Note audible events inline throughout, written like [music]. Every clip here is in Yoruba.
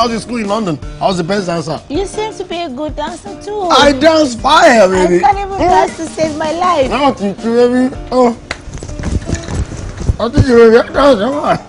I was in school in London, I was the best dancer. You seem to be a good dancer too. I dance fire, baby. I can't even mm. dance to save my life. Not you, baby. Oh. I think you're a good dancer,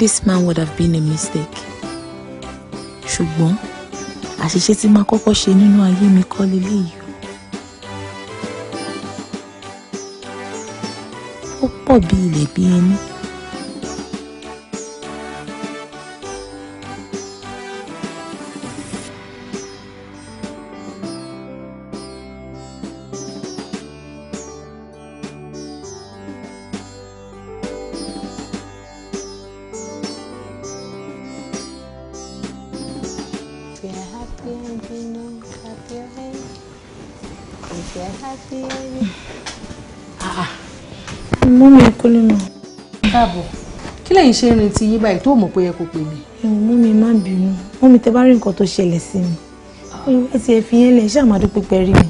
this man would have been a mistake ṣùgbọ́n àṣìṣe tí máa kọ́kọ́ ṣe nínú ayé mi kọ́ leléyìí ó pọ̀ bí ilẹ̀ bí ẹni. mú ah, ah. mi kú lónà. káàbọ̀ kí lẹ́yìn ṣe ń retí yín báyìí tó mọ̀ pé ẹ kò pè mí. ẹ̀wọ̀n mú mi má bínú mú mi tẹ bá rí nǹkan tó ṣẹlẹ̀ sí mi ah. ẹ ti fi yẹn lẹ ṣáà máa dúpẹ́ pẹ́ rí mi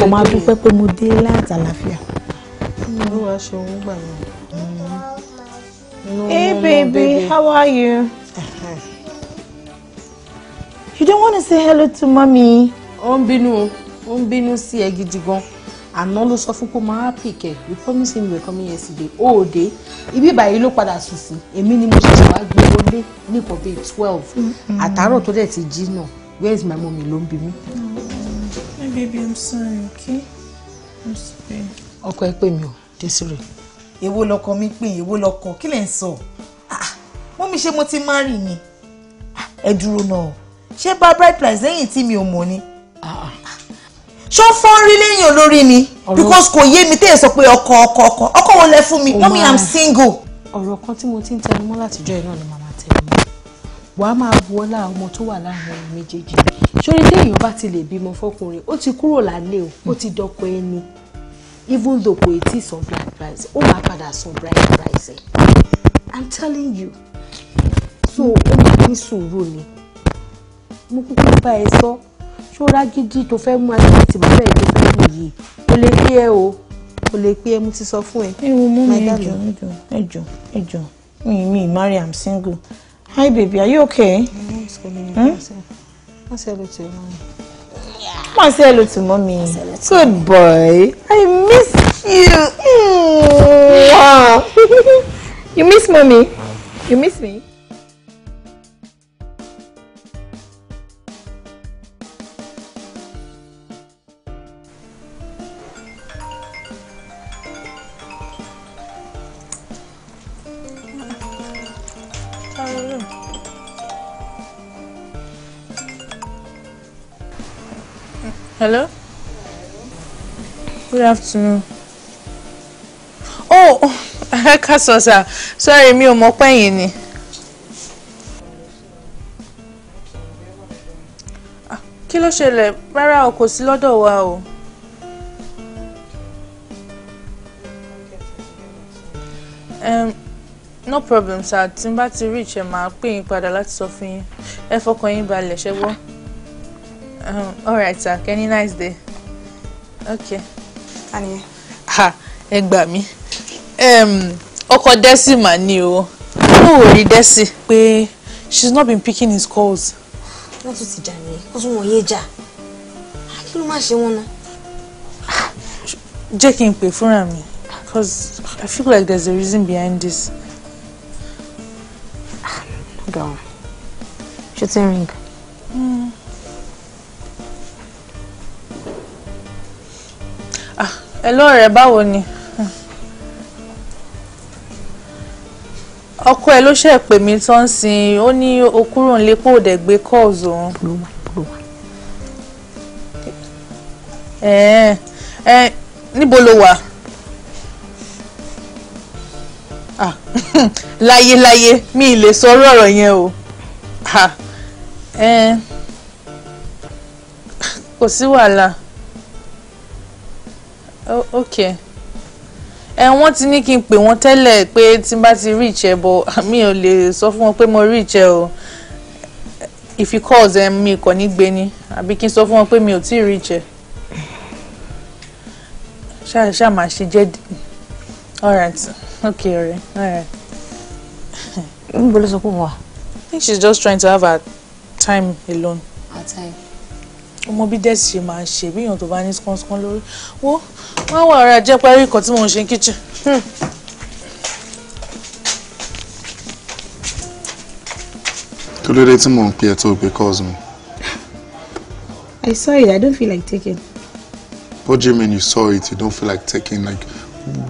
kò máa dúpẹ́ pé mo dé láti àlàáfíà. olúwa ṣe òun gbà mí. hey baby how are you. you don't want to say hello to mommy. ó ń bínú ó ń bínú sí ẹ gidi gan-an àná ló sọ fún kó máa pìkẹ́ you promise him you were coming yesterday ó ò ibi ìbàyí ló padà sùn sí èmi ni mo ṣẹ̀ṣẹ̀ wá gbé wọlé ní nǹkan twelve àtàárọ̀ tó dẹ̀ ti jí náà where is my mommy ló ń bi mí. my mm. baby i'm sorry okay i'm sorry. ọkọ ẹ pè mí o Desire. èwo lọkọ mi pè èwo lọkọ kí lẹ ń sọ ah, ah. mọ́mí ṣé mo ti máa rìn ni ah, ẹ dúró náà ṣé bá bright light lẹ́yìn tí mi ò mọ̀ ni ṣó fọ́n rí lẹ́yìn olórí ni because kò yé mi téè sọ pé ọkọ ọkọ ọkọ ọkọ wọn lẹ fún mi wọ́n mi am single. ọ̀rọ̀ kan tí mo ti ń tẹnu mọ́ látijọ́ iná ni màmá tẹnu mọ́ wàá máa bu ọlá ọmọ tó wà láàrin ọmọ méjèèjì ṣórí téèyàn bá ti lè bímọ fọkùnrin ó ti kúrò lálé o ó ti dọkọ ẹni even though kò tí san bright price ó máa padà san bright price ẹ i'm telling you so ó máa ní sùúrù ni mo kúkú bá ẹ sọ. So, ṣọ́ra gidi tó fẹ́ mú ajé àti bàbá ẹ̀ tó fẹ́ mú yìí kò lè pé ẹ o kò lè pé ẹ mo ti sọ fún ẹ. ẹ wo mú mi ẹjọ ẹjọ ẹjọ ẹjọ mi mi marry am single hi baby are you okay. má ṣe lò tì mọ́ mi. má ṣe lò tì mọ́ mi good boy i miss you. Mm -hmm. [laughs] you miss mommy you miss me. Hello? Good afternoon. Oh, oh [laughs] ẹ káàsán sà. Sorry, mi o mọ̀ pé ẹ̀yin ni. Ah, kí ló ṣẹlẹ̀? Rárá o, kò sí lọ́dọ̀ wa o. Um, no problem sir tí n bá ti reach ẹ máa pè yín padà láti sọ fún yín ẹ fọkàn yín balẹ̀ ṣẹ́gbọ́n. Alright, um, all right, sir. Any nice day. Okay. Ani. Ha, ẹ gbà mí. Um, ọkọ Desi mà ni o. No worry Desi pé she's not been picking his calls. Wọ́n tún ti jà ní. Wọ́n tún wọ̀nyé jà. Ah, kí ló máa ṣe wọn náà? Jẹ́ kí n pè fúnra mi because I feel like there's a reason behind this. Ah, hold on. Ṣé o ti ń ring? Mm. Hello rẹ̀ báwo ni? ọkọ ẹ ló ṣe pè mí tó ń sin ó ní o kúrò nílé pò dẹ̀ gbé calls òun. níbo lo wà? [laughs] láyé mi ì lè sọ ọ̀rọ̀ ọ̀rọ̀ yẹn o kò sí wàhálà. ok ẹ wọ́n ti ní kí n pè wọ́n tẹ́lẹ̀ pé tí n bá ti rí ìjẹ́ bọ̀ mi ò lè sọ fún wọn pé mo rí ìjẹ́ o if you call them mi kò ní gbé ni àbí kí n sọ fún wọn pé mi ò tí ì rí ìjẹ́ ṣáà ṣáà máa ṣe jẹ́ all right ok ọ̀rẹ́ all right. n bolo sọ pé mo wà. I think she's just trying to have her time alone. her time ọmọ bí dẹ́sì ṣe máa ń ṣe bí èèyàn tó bá ní skánskán lórí wo wọ́n wà ọ̀rẹ́ ajẹ́ parí nǹkan tí mò ń ṣe ní hmm. kí ló dé tí mò ń pè ẹ́ tó o pé I saw it. I don't feel like taking. What do you mean you saw it? You don't feel like taking? Like,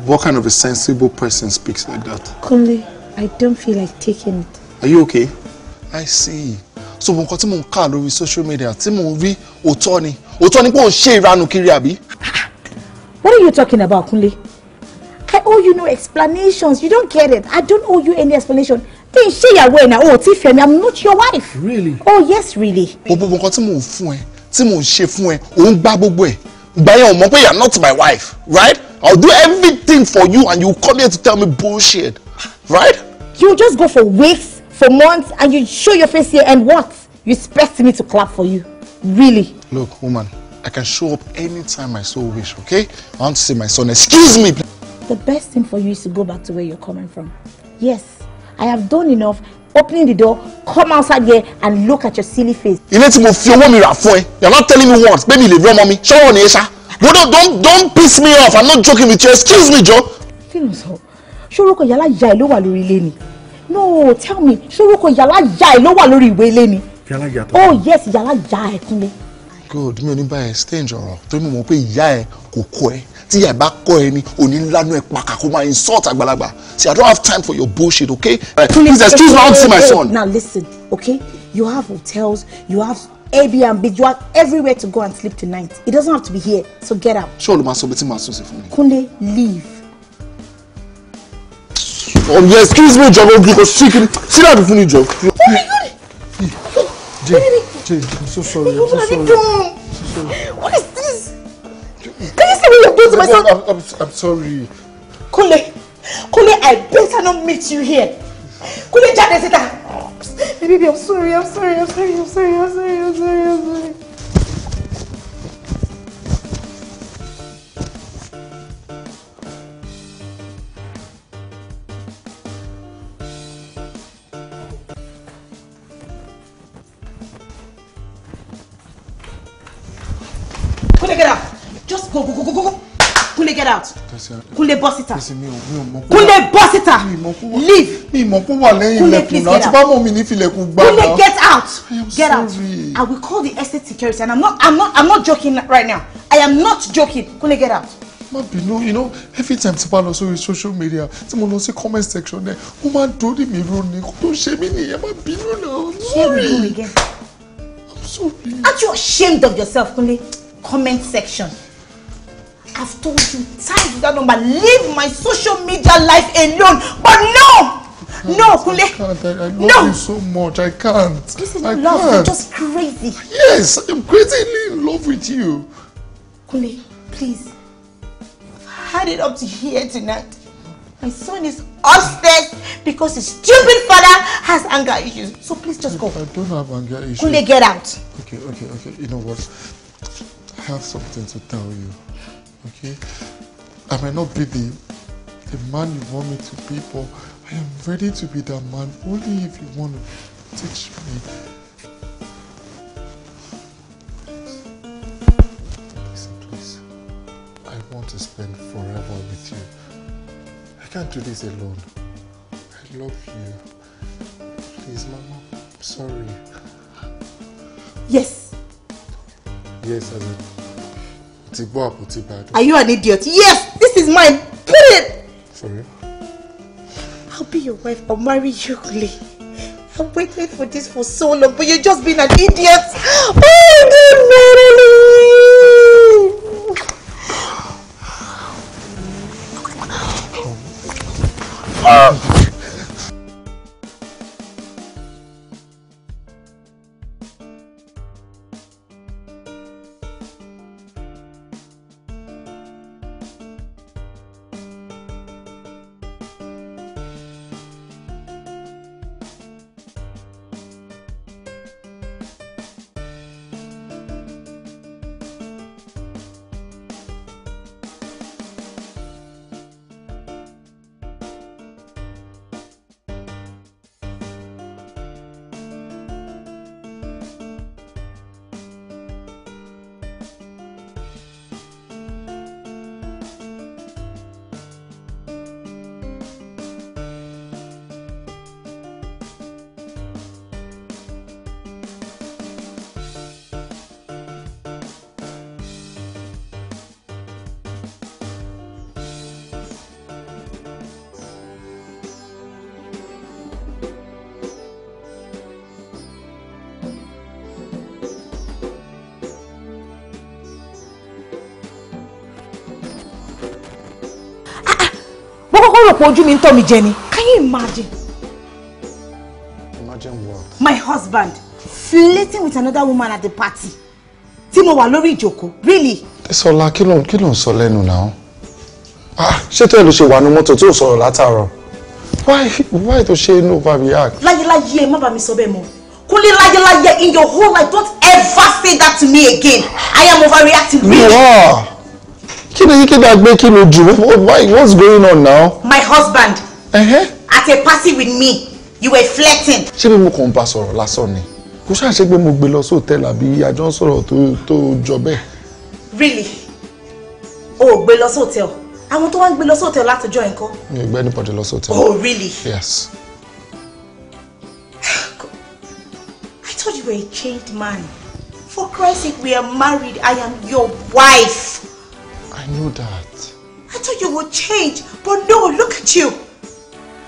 what kind of a sensible person speaks like that? Kunle, I don't feel like taking it. Are you okay? I see so nǹkan tí mò ń kà lórí social media tí mò ń rí òótọ́ ni òótọ́ ni pé òun ṣe ìranù kiri àbí. what are you talking about Kunle I owe you no explanations you don't get it I don't owe you any explanation bí n ṣe ìyàwó ẹ̀ náà o ò tí mi I'm not your wife. really oh yes really. gbogbo nǹkan tí mò ń fún ẹ tí mò ń ṣe fún ẹ òun gbá gbogbo ẹ gbẹ̀yìn ọmọ pé you are not my wife right I will do everything for you and you come here to tell me bullshit right. you just go for weeks for months and you show your face here and what? You expect me to clap for you? Really? Look, woman, I can show up anytime I so wish, okay? I want to see my son. Excuse me, The best thing for you is to go back to where you're coming from. Yes, I have done enough. Opening the door, come outside here and look at your silly face. Ilé tí mo fi owó mi rà you're not telling me what? Baby, leave rí mommy. Show Ṣọ́wọ́ ni ẹ No, no, don't, don't piss me off. I'm not joking with you. Excuse me, Joe. Kí Show sọ? Ṣé orúkọ ìyá aláìyá ẹ ló wà lórí ilé ni? no tell me ṣorúkọ yàrá ya ẹ ló wà lórí ìwé ilé ni. yàrá ya tó. oh yes yàrá ya ẹ kúnlẹ̀. god mi ò ní bá ẹ stage ọ̀rọ̀ torí mo mọ̀ pé ìyá ẹ kò kọ́ ẹ tí ìyá ẹ bá kọ́ ẹ ni òní lánàá ẹ pàkà kó máa insult àgbàlagbà see i don't have time for your bullshit okay. please excuse me i want to see my son. now listen okay you have hotels you have Airbnb you have everywhere to go and sleep tonight it doesn't have to be here so get out. ṣé olùmọ̀ asọ́bẹ̀tì máa sún sí fún mi. kúnlẹ̀ leave. Oh yeah, excuse me, John, because chicken. See that before you, John. Oh my god! Jay, Jay, I'm so sorry. I'm so sorry. What is this? Can you see what you've done to my son? I'm, I'm, I'm sorry. Kule, Kule, I better not meet you here. Kule, Jack, sit down. Baby, I'm sorry, I'm sorry, I'm sorry, I'm sorry, I'm sorry, I'm sorry, I'm sorry. go go go go go. Kunle get out. Kunle bọ́ síta. Kunle bọ́ síta. Leave. Mi mọ̀ kó wà lẹ́yìn ilẹ̀kùn náà. Kunle get out. Get out. I will call the estate security and I'm not I'm not I'm not joking right now. I am not joking. Kunle get out má bínú you know every time tí mo lọ sórí social media tí mo lọ sí comment section there. ó máa ń dorí mi ró ni kó tó ṣe mí nìyẹn má bínú náà i'm sorry i'm sorry. aren't you ashamed of yourself Kunle comment section. I've told you times with that number. Leave my social media life alone. But no! no, Kule. I can't. I, I love no. you so much. I can't. This is I love. Can't. You're just crazy. Yes, I'm crazily in love with you. Kule, please. I've had it up to here tonight. My son is upset because his stupid father has anger issues. So please just go. I don't have anger issues. Kule, get out. Okay, okay, okay. You know what? I have something to tell you. Okay? I might not be the, the man you want me to be, but I am ready to be that man only if you want to teach me. I want to spend forever with you. I can't do this alone. I love you. Please, Mama, I'm sorry. Yes. Yes, as ti gbọ́ àpótí ìbàdàn. are you an idiot yes this is mine put it. sorry. I'll be your wife I'll marry you Lee. I've waited for this for so long, but you've just been an idiot. Oh, good Uh. Um, pé ojú mi ń tọ́ mi jẹ ni. Can you imagine? Imagine what? My husband flirting with another woman at the party tí mo wà lórí ìjókòó really. Sọlá kí ló kí ló ń sọ lẹ́nu náà? Ah, ṣé tó ẹ̀ ló ṣe wà ní mọ́tò tó sọ̀rọ̀ látàárọ̀? Why why to ṣe no overreact? Láyéláyé ẹ má bàa mi sọ bẹ́ẹ̀ mọ́. Kúnlé láyéláyé in your whole life don't ever say that to me again. I am overreacting really. No kí ni yíkí dàgbé kí ló why what's going on now. my husband. Uh-huh. at a party with me you were flirting. ṣé bí mo kàn ń bá sọ̀rọ̀ lásán ni kò ṣáà ṣe pé mo gbé lọ sóòtẹ́ẹ̀lì àbí àjọ ń sọ̀rọ̀ tó tó jọ bẹ́ẹ̀. really o ò gbé lọ sóòtẹ́ẹ̀lì àwọn tó wá ń gbé lọ sóòtẹ́ẹ̀lì látọjọ́ yẹn kọ́. mi ò gbé anybody lọ sóòtẹ́ẹ̀lì. oh really. yes. I told you were a changed man. For Christ's sake, we are married. I am your wife. I knew that. I thought you would change, but no, look at you.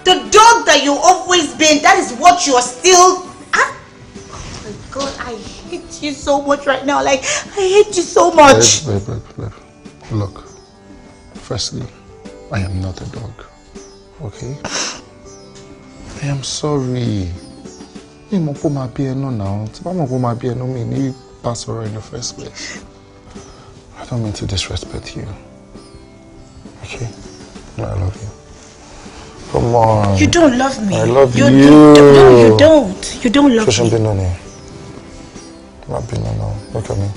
The dog that you always been, that is what you are still. Huh? Ah, oh my God, I hate you so much right now. Like, I hate you so much. Babe, babe, babe, babe. Look, firstly, I am not a dog, okay? I am sorry. Mi mọ̀ pé ó máa bí ẹnu náà. Tí bá mọ̀ pé ó máa bí mi ní bá sọ̀rọ̀ in the first place. I don't mean to disrespect you. Okay? I love you. Come on. You don't love me. I love you. you. you do, no, you don't. You don't love Shoshan me. Binone. Not Binone. Look at me.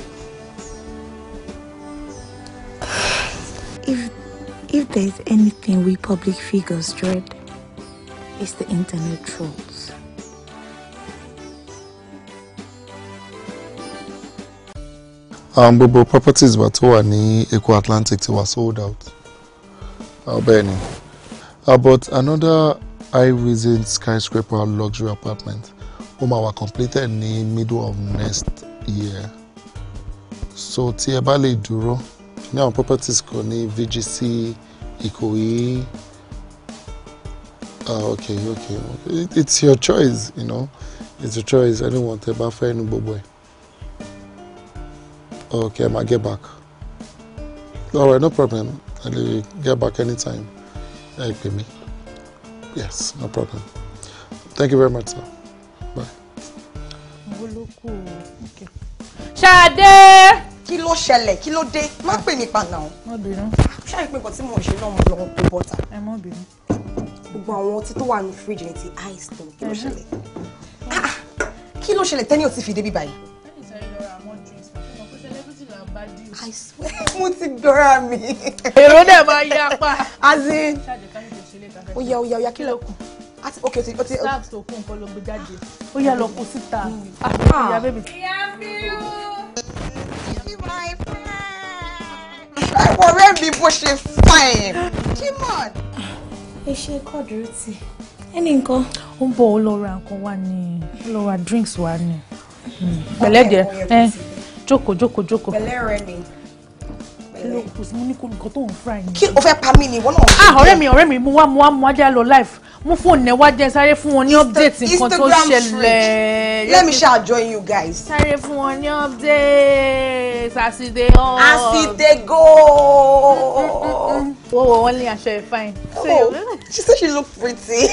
If, if there's anything we public figures dread, it's the internet troll. um, gbogbo properties wa tó wà ní Èkó Atlantic ti wà sold out uh, bẹ́ẹ̀ ni uh, but another high-rising skyscraper luxury apartment ó máa wà completed ní middle of next year so tí ẹ bá lè dúró ní àwọn properties kan ní VGC Ìkòyí ah okay okay it's your choice you know it's your choice anyone tẹ́ bá fẹ́ ní gbogbo ẹ̀. Okay, I get back. All right, no problem. I'll get back anytime. Ẹ pè mí. Yes, no problem. Thank you very much, sir. Bye. Ṣadé! Kí ló ṣẹlẹ̀? Kí ló dé? Má pè mí pa náà. Má bínú. Ṣáà ìpín nǹkan tí mò ń ṣe náà mo lọ tó bọ́ta. Ẹ má bínú. Gbogbo àwọn ọtí tó wà ní fíríjì ní ti ice cream. Kí ló ṣẹlẹ̀? Ah, kí ló ṣẹlẹ̀ tẹ́ni ò ti fi débi báyìí? bá dí. I swear [laughs] mo ti dọ́ra mi. èrò dẹ̀ máa yá pa. as in. ó yá ó yá ó yá kí ló kù àti ok ti ti. staff tó kún nǹkan ló gbé jáde ó yá lọ kó síta. Hmm. Ah, ah. ìyá bèbí. ìyá bíu. ọ̀rẹ́ mi bó ṣe fine. Jimoh. ẹ ṣe kọ́ọ̀dù tí ẹnì nǹkan. ó ń bọ̀ ó lọ ra nǹkan wá ní ó lọ ra drinks wá ní. pẹ̀lẹ́jẹ̀ ẹ jókòó jókòó jókòó kí o fẹ́ pa mí ni ìwọ náà. ah ọ̀rẹ́ mi ọ̀rẹ́ mi mo wá mo wá mo wá jẹ́ lọ live mo fóònù ẹ̀ wá jẹ́ sáré fún wọn ní update nǹkan tó ṣẹlẹ̀. let me shall join you guys. sáré fún wọn ní update as e dey all. wo wo wọn aṣọ ẹ fine. oh she say she look pretty.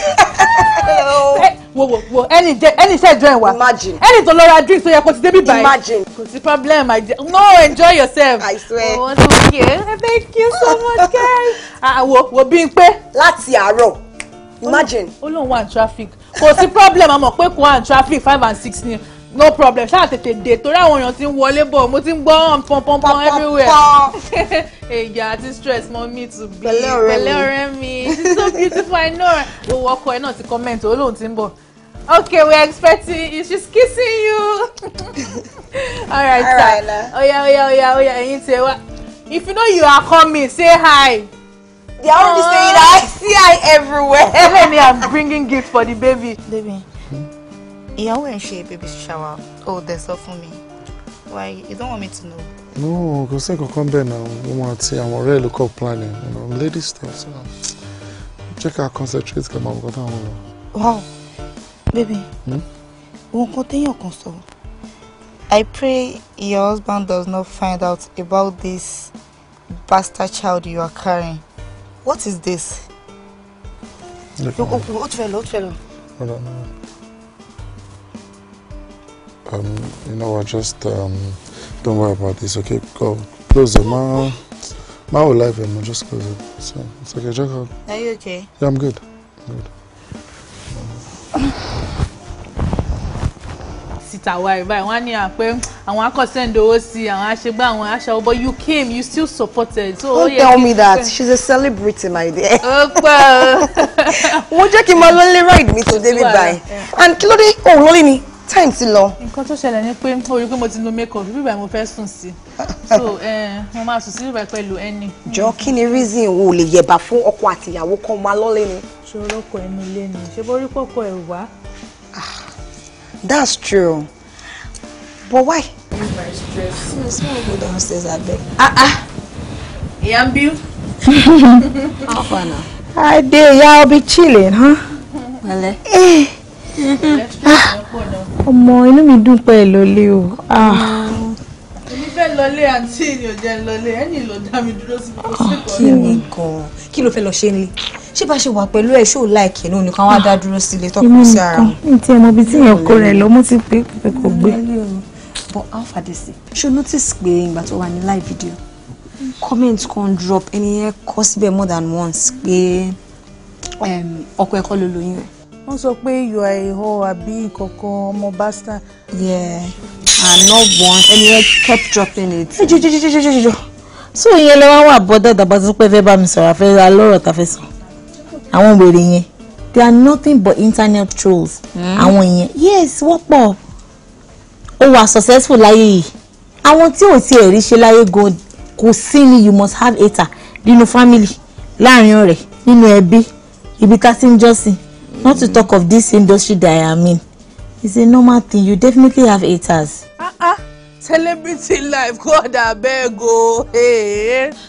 wo wo wo ẹni jẹ ẹni ṣe join wa. imagine. ẹni tó lọ ra drink tó yẹ kó ti débi báyìí. imagine. kò sí problem i no enjoy yourself. i swear. Oh, thank you thank you so much guys. [laughs] Ah, wo bí n pé. láti àárọ̀ imagine. ó lóun wà traffic kò sí problem àmọ́ pé kò wà traffic five and six ni no problem ṣáà tètè dé torí àwọn èèyàn ti ń wọlé bọ̀ mo ti pom pom pọnpọnpọn everywhere èyà this stress mọ me to be pẹ̀lẹ́ ọ̀rẹ́ mi she's so beautiful i know owó ọkọ ẹ náà ti comment ó lóun ti ń okay we're expecting you she's kissing you [laughs] all right all right. Oh yeah, oh yeah, oh yeah, ẹ̀yin tiẹ̀ What? if you know you are coming say hi they are only saying that i see I everywhere tell me i'm bringing gift for the baby. baby ìyàwó ẹ̀ ń ṣe baby shower Oh, dẹ̀ sọ fún mi why you don't want me to know. no kò sí nǹkan kan bẹ́ẹ̀ náà wọn àti àwọn ọ̀rẹ́ ìlú kọ́ planning you know, lady stuff so jẹ́ ká concentrate kẹ́ máa bọ̀ táwọn lọ. wow baby hmm? wọn kọ́ téèyàn kan sọ. I pray your husband does not find out about this bastard child you are carrying. What is this? Look, what fellow, what fellow? Hold on. Um, you know what, just um, don't worry about this, okay? Go, close it. mouth my whole life, I'm just close it. So, it's okay, Jacob. Are you okay? Yeah, I'm good. I'm good. [laughs] ti tàwa ẹ̀ báyìí á ní àpẹ́ àwọn akọ̀sẹ́ndò owó sí àwọn àṣegbá àwọn aṣọ but you came you still supported. So, don't oh, yeah, tell me that she's a celebrity my dear. ó pẹ́ o. wọ́n [laughs] jẹ́ kí n máa lọ́lé ride mi tó débi báyìí and kí ló dé òun lọ́lé ni time ti lọ. nǹkan tó ṣẹlẹ̀ ni pé o rí pé mo ti lo make up bíbá mo fẹ́ sùn sí [laughs] so eh, mo máa sùn sí bíbá pẹ̀lú ẹni. jọ kí ni reason wo lè yẹba fún ọkọ àtìyàwó kan máa lọ́lé ni. ṣòro ọkọ ẹnu ilé ni ṣé bó rí pọ̀pọ̀ ẹ̀ wá That's true. But why? My stress. Yes, me go downstairs abeg. Ah ah. Yambi. How far now? I dey, y'all be chilling, huh? Well, eh. Ah. Ọmọ inú mi dùn pé lọlé o. Èmi ah. fẹ́ lọlé àǹtí ni ò jẹ́ lọlé, ẹ̀yìn ló dá mi dúró sí mi. Ah, kí ni gan-an? Kí ló fẹ́ lọ ṣe ṣé bá ṣe wà pẹ̀lú ẹ̀ ṣó láìkì ẹ̀ náà nìkan wá ah, dá dúró sílé tọkùn sí ara wọn. mi ti ẹ̀ mọ ibi tí yẹn kó rẹ̀ lọ mo ti pé pé kò gbé. but how far dey say ṣo notice pé ìgbà tó wà ní live video comment kan drop ẹni yẹn kọ síbẹ̀ more than once pé ọkọ ẹ̀kọ́ ló lóyún ẹ̀. wọ́n sọ pé you are a hoe àbí ìkọ̀kọ̀ ọmọ basta. yeah and not once ẹni yẹn kept dropping it. jọjọjọjọjọjọ so ìyẹn lè wá wà bọ́dọ̀ dàbàtúpẹ́ àwọn wèrè yẹn they are nothing but internet trolls hmm. àwọn yẹn yes wọ́pọ̀ ó wà successful láyé yìí àwọn tí ò tiẹ̀ rí ṣe láyé gan kò sí ni you must have hater nínú family láàrin ọ̀rẹ́ nínú ẹbí ibi tá a ti ń jọ́sìn not to talk of this industry that I am in it's a normal thing you definitely have haters celebrity life god abeg o.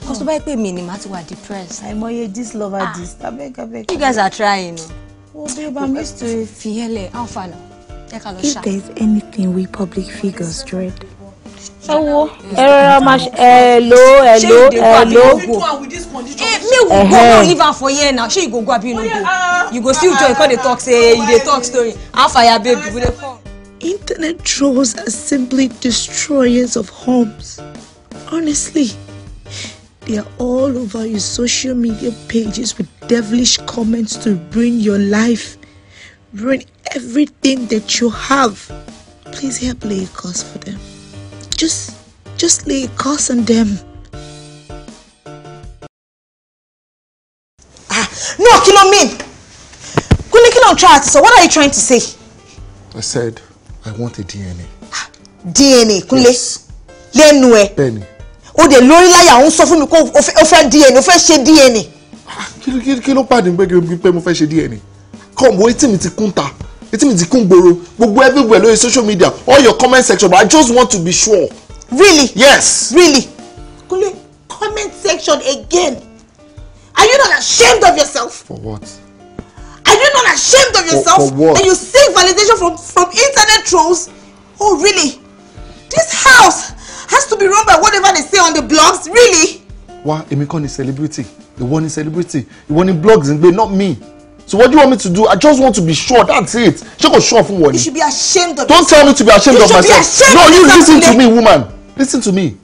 cos tó bá yẹ pé mi ni màá ti wà depressed. àìmọye dis lover ah. dis abeg abeg. you guys are trying o. o babe i'm used to fiyele how far now. if there's anything we public figures dread. ẹ wo ẹ rọra ma ṣe ẹ lo ẹ lo ẹ lo eh, go ẹ leave am for here now ṣé you go go abi you no go you go still join come dey talk say you dey talk story how far ya babe you go dey uh, come. internet trolls are simply destroyers of homes. Honestly, they are all over your social media pages with devilish comments to ruin your life, ruin everything that you have. Please help lay a curse for them. Just, just lay a curse on them. Ah, no, kill on mean? Kí ló ń try so what are you trying to say? I said I want a DNA. Ah, DNA Kúnlé lẹ́nu ẹ̀. Bẹ́ẹ̀ni. O dẹ̀ lórí láyà òun sọ fún mi kó o fẹ́ DNA o fẹ́ ṣe DNA. Ah, kí ló pàdé pé mo fẹ́ ṣe DNA? Come wo etí mi ti kún ta etí mi ti kún gbòòrò gbogbo everywhere lórí social media all your comment section but I just want to be sure. Really? Yes. Really? Kúnlé comment section again. Are you not ashamed of yourself? For what? not ashamed of yourself for, for and you seek validation from from internet trolls oh really this house has to be run by whatever they say on the blogs really. Why èmi kọ́ ni celebrity one ni celebrity the one in blogs ń gbé not me so what do you want me to do i just want to be sure that's it ṣé go sure fún one. you should be ashamed of yourself. don't tell me to be ashamed you of myself. be ashamed no, of no you listen to me woman listen to me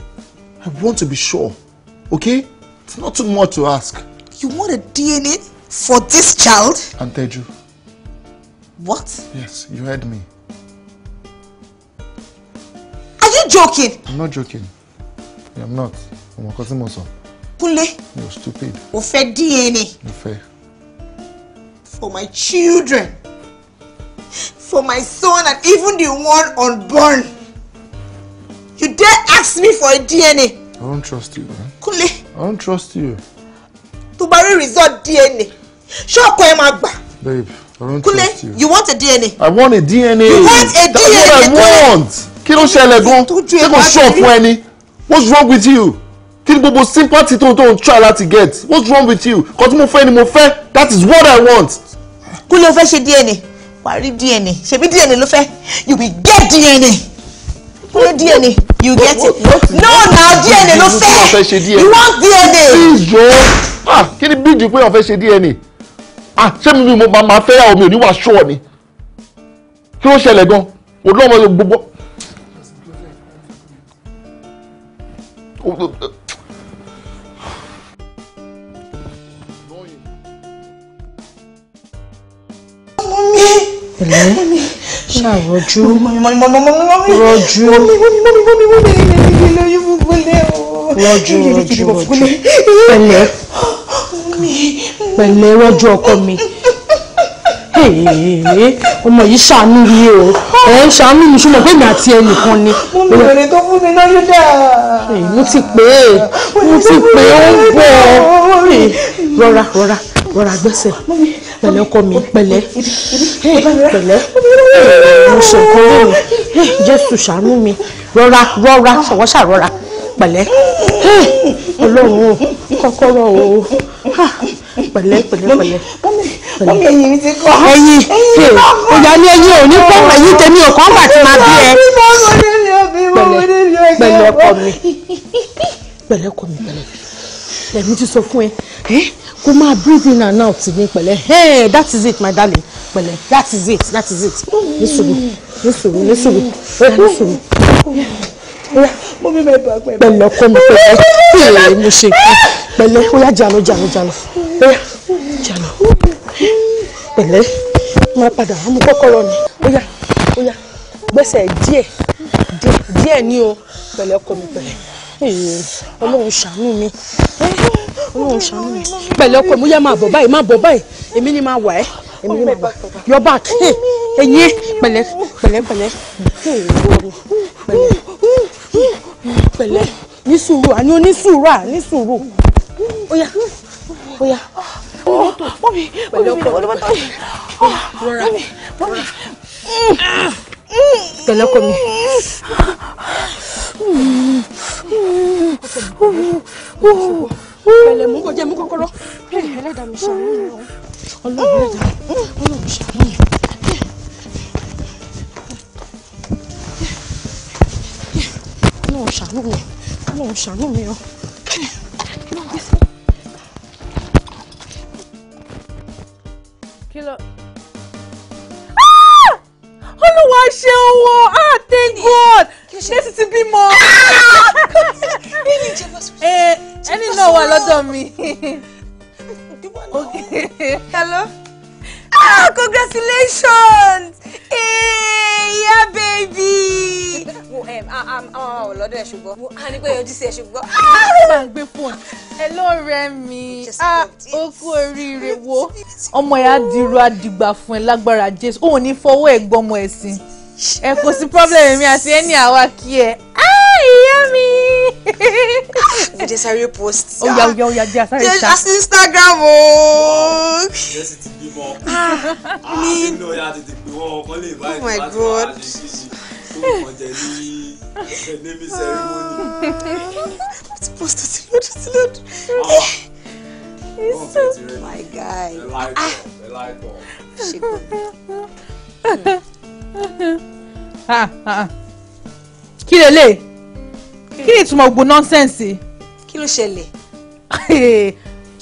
i want to be sure okay it's not too much to ask. you want a DNA for this child? Anteju. What? Yes, you heard me. Are you joking? I'm not joking. I'm not. I'm not cutting myself. Kunle. You're stupid. Ó fẹ́ DNA. Ó fẹ́. For my children. For my son and even the one unborn. You dare ask me for a DNA? I don't trust you, man. Kunle. I don't trust you. To bá resort DNA ṣọ́ọ̀kọ ẹ máa gbà. Kúnlé, you want a DNA? I want a DNA. You want a That's DNA? That's what I want. Kí ló ṣẹlẹ̀ gan? Ṣé kò ṣọ́ọ̀ fún ẹni? What's wrong with you? Kí ni gbogbo sympathy tó tó ń try láti get? What's wrong with you? Kò tí mo fẹ́ ni mo fẹ́. That is what I want. Kúnlé o fẹ́ ṣe DNA? Wàá rí DNA. Ṣèbí DNA ló fẹ́? You be get DNA pray DNA you get it no na DNA ló fẹ́ you want DNA. please jo ah kí ni bíi jù pé o fẹ́ ṣe DNA ah ṣé mi mo máa fẹ́ yàwó mi ò ní wàá ṣọ́ ni kí ló ṣẹlẹ̀ gan olóòmọ gbogbo. pẹ̀lẹ́ pẹ̀lẹ́ rọ́jú ọkọ mi ọmọ yìí ṣàánú mi o ẹ ń ṣàánú mi ṣùgbọ́n pé mi àti ẹnìkan ni. mo mi ò lè tó fún mi náà ṣúdà. mo ti pè é mo ti pè é ó ń bọ̀ rọra rọra rọra gbẹ́sẹ̀ pẹ̀lẹ́ ọkọ mi pẹ̀lẹ́ pẹ̀lẹ́ mo ṣe nǹkan lónìí jésù ṣàánú mi rọra rọra ṣọwọ́ṣà rọra pẹ̀lẹ́ ọlọ́run kọ́kọ́rọ́ o pẹ̀lẹ́ pẹ̀lẹ́ pẹ̀lẹ́. mọ́mí ẹ̀yìn mi ti kọ́. ẹ̀yìn ṣe ìyá ní ẹ̀yìn ò ní pọ̀ ẹ̀yìn tèmi ò kọ́ bàtí máa bí ẹ. pẹ̀lẹ́ pẹ̀lẹ́ ọkọ mi pẹ̀lẹ́ ọkọ mi pẹ̀lẹ́ lẹ́mi ti sọ fún ẹ kó máa breathe in and out ní pẹ̀lẹ́ hey that is it my darling pẹ̀lẹ́ that is it that is it ní sùúrù ní sùúrù ní sùúrù ní sùúrù mo bí mẹ bá pẹ. pẹ̀lẹ́ ọkọ mi pẹ̀lẹ́ ee mo ṣe nǹkan pẹ̀lẹ́ ó yá jà lọ jà lọ jà lọ ó yá jà lọ pẹ̀lẹ́ máa padà wá mú kọ́kọ́rọ́ ni ó yá ó yá gbẹ́sẹ̀ díẹ̀ díẹ̀ ní o pẹ̀lẹ́ ọkọ mi pẹ̀lẹ́ ee Ọlọ́run ṣàánú mi Ọlọ́run ṣàánú mi pẹ̀lẹ́ ọkọ mi ó yá máa bọ̀ báyìí máa bọ̀ báyìí èmi ni máa wà ẹ́ èmi yìí máa wà your back ẹ̀yìn pẹ̀lẹ́ pẹ̀lẹ́ pẹ̀lẹ́ pẹ̀lẹ́ pẹ̀lẹ́ ní sùúrù àní onísùúrù à ní sùúrù ó yá ó yá mọ́mí pẹ̀lẹ́ ọkọ olóbótó rọra mọ́mí pẹ̀lẹ́ ọkọ mi. pẹ̀lẹ́ mú kọjá mú kọ́kọ́rọ́ ẹlẹ́dàá mi ṣàánú ọlọ́run ẹ̀dá ṣàánú mi ọlọ́run ṣàánú mi o. kí ah! ṣe owó ah thank god ṣé ti bímọ. Ah! [laughs] Eh, ẹni náà wà lọ́dọ̀ mi. [laughs] Okay. [laughs] Hello? Ah, congratulations! Hey, yeah, baby! Well, um, I, I'm, oh, Lord, ẹ ṣùgbọ́n. Well, I need go Ah, gbé phone. Hello, Remy. Ah, ó kú oríire wo. Ọmọ ẹ̀ á dirú àdìgbà fún ẹ lágbára Jésù. Ó ní for ẹ̀ gbọ́mọ ẹ̀sìn ẹ kò sí problem mi àti ẹni àwa kí ẹ ah, ìyá mi. [laughs] ẹ jẹ́ sáré post. ó yá ó ah, yá ó yá jẹ́ Instagram o. ìyẹn sì ti bímọ. [laughs] Ah, mi nínú ọ̀yà tètè pé wọ́n ọkọ lè bá oh ìgbà tí eh, ti post ti lódù ti lódù. It's so my guy. Ẹ kò [laughs] kí lélẹ̀ kí ni ìtumọ̀ gbogbo nọ́nsẹ̀nsì. kí ló ṣẹlẹ̀. [laughs]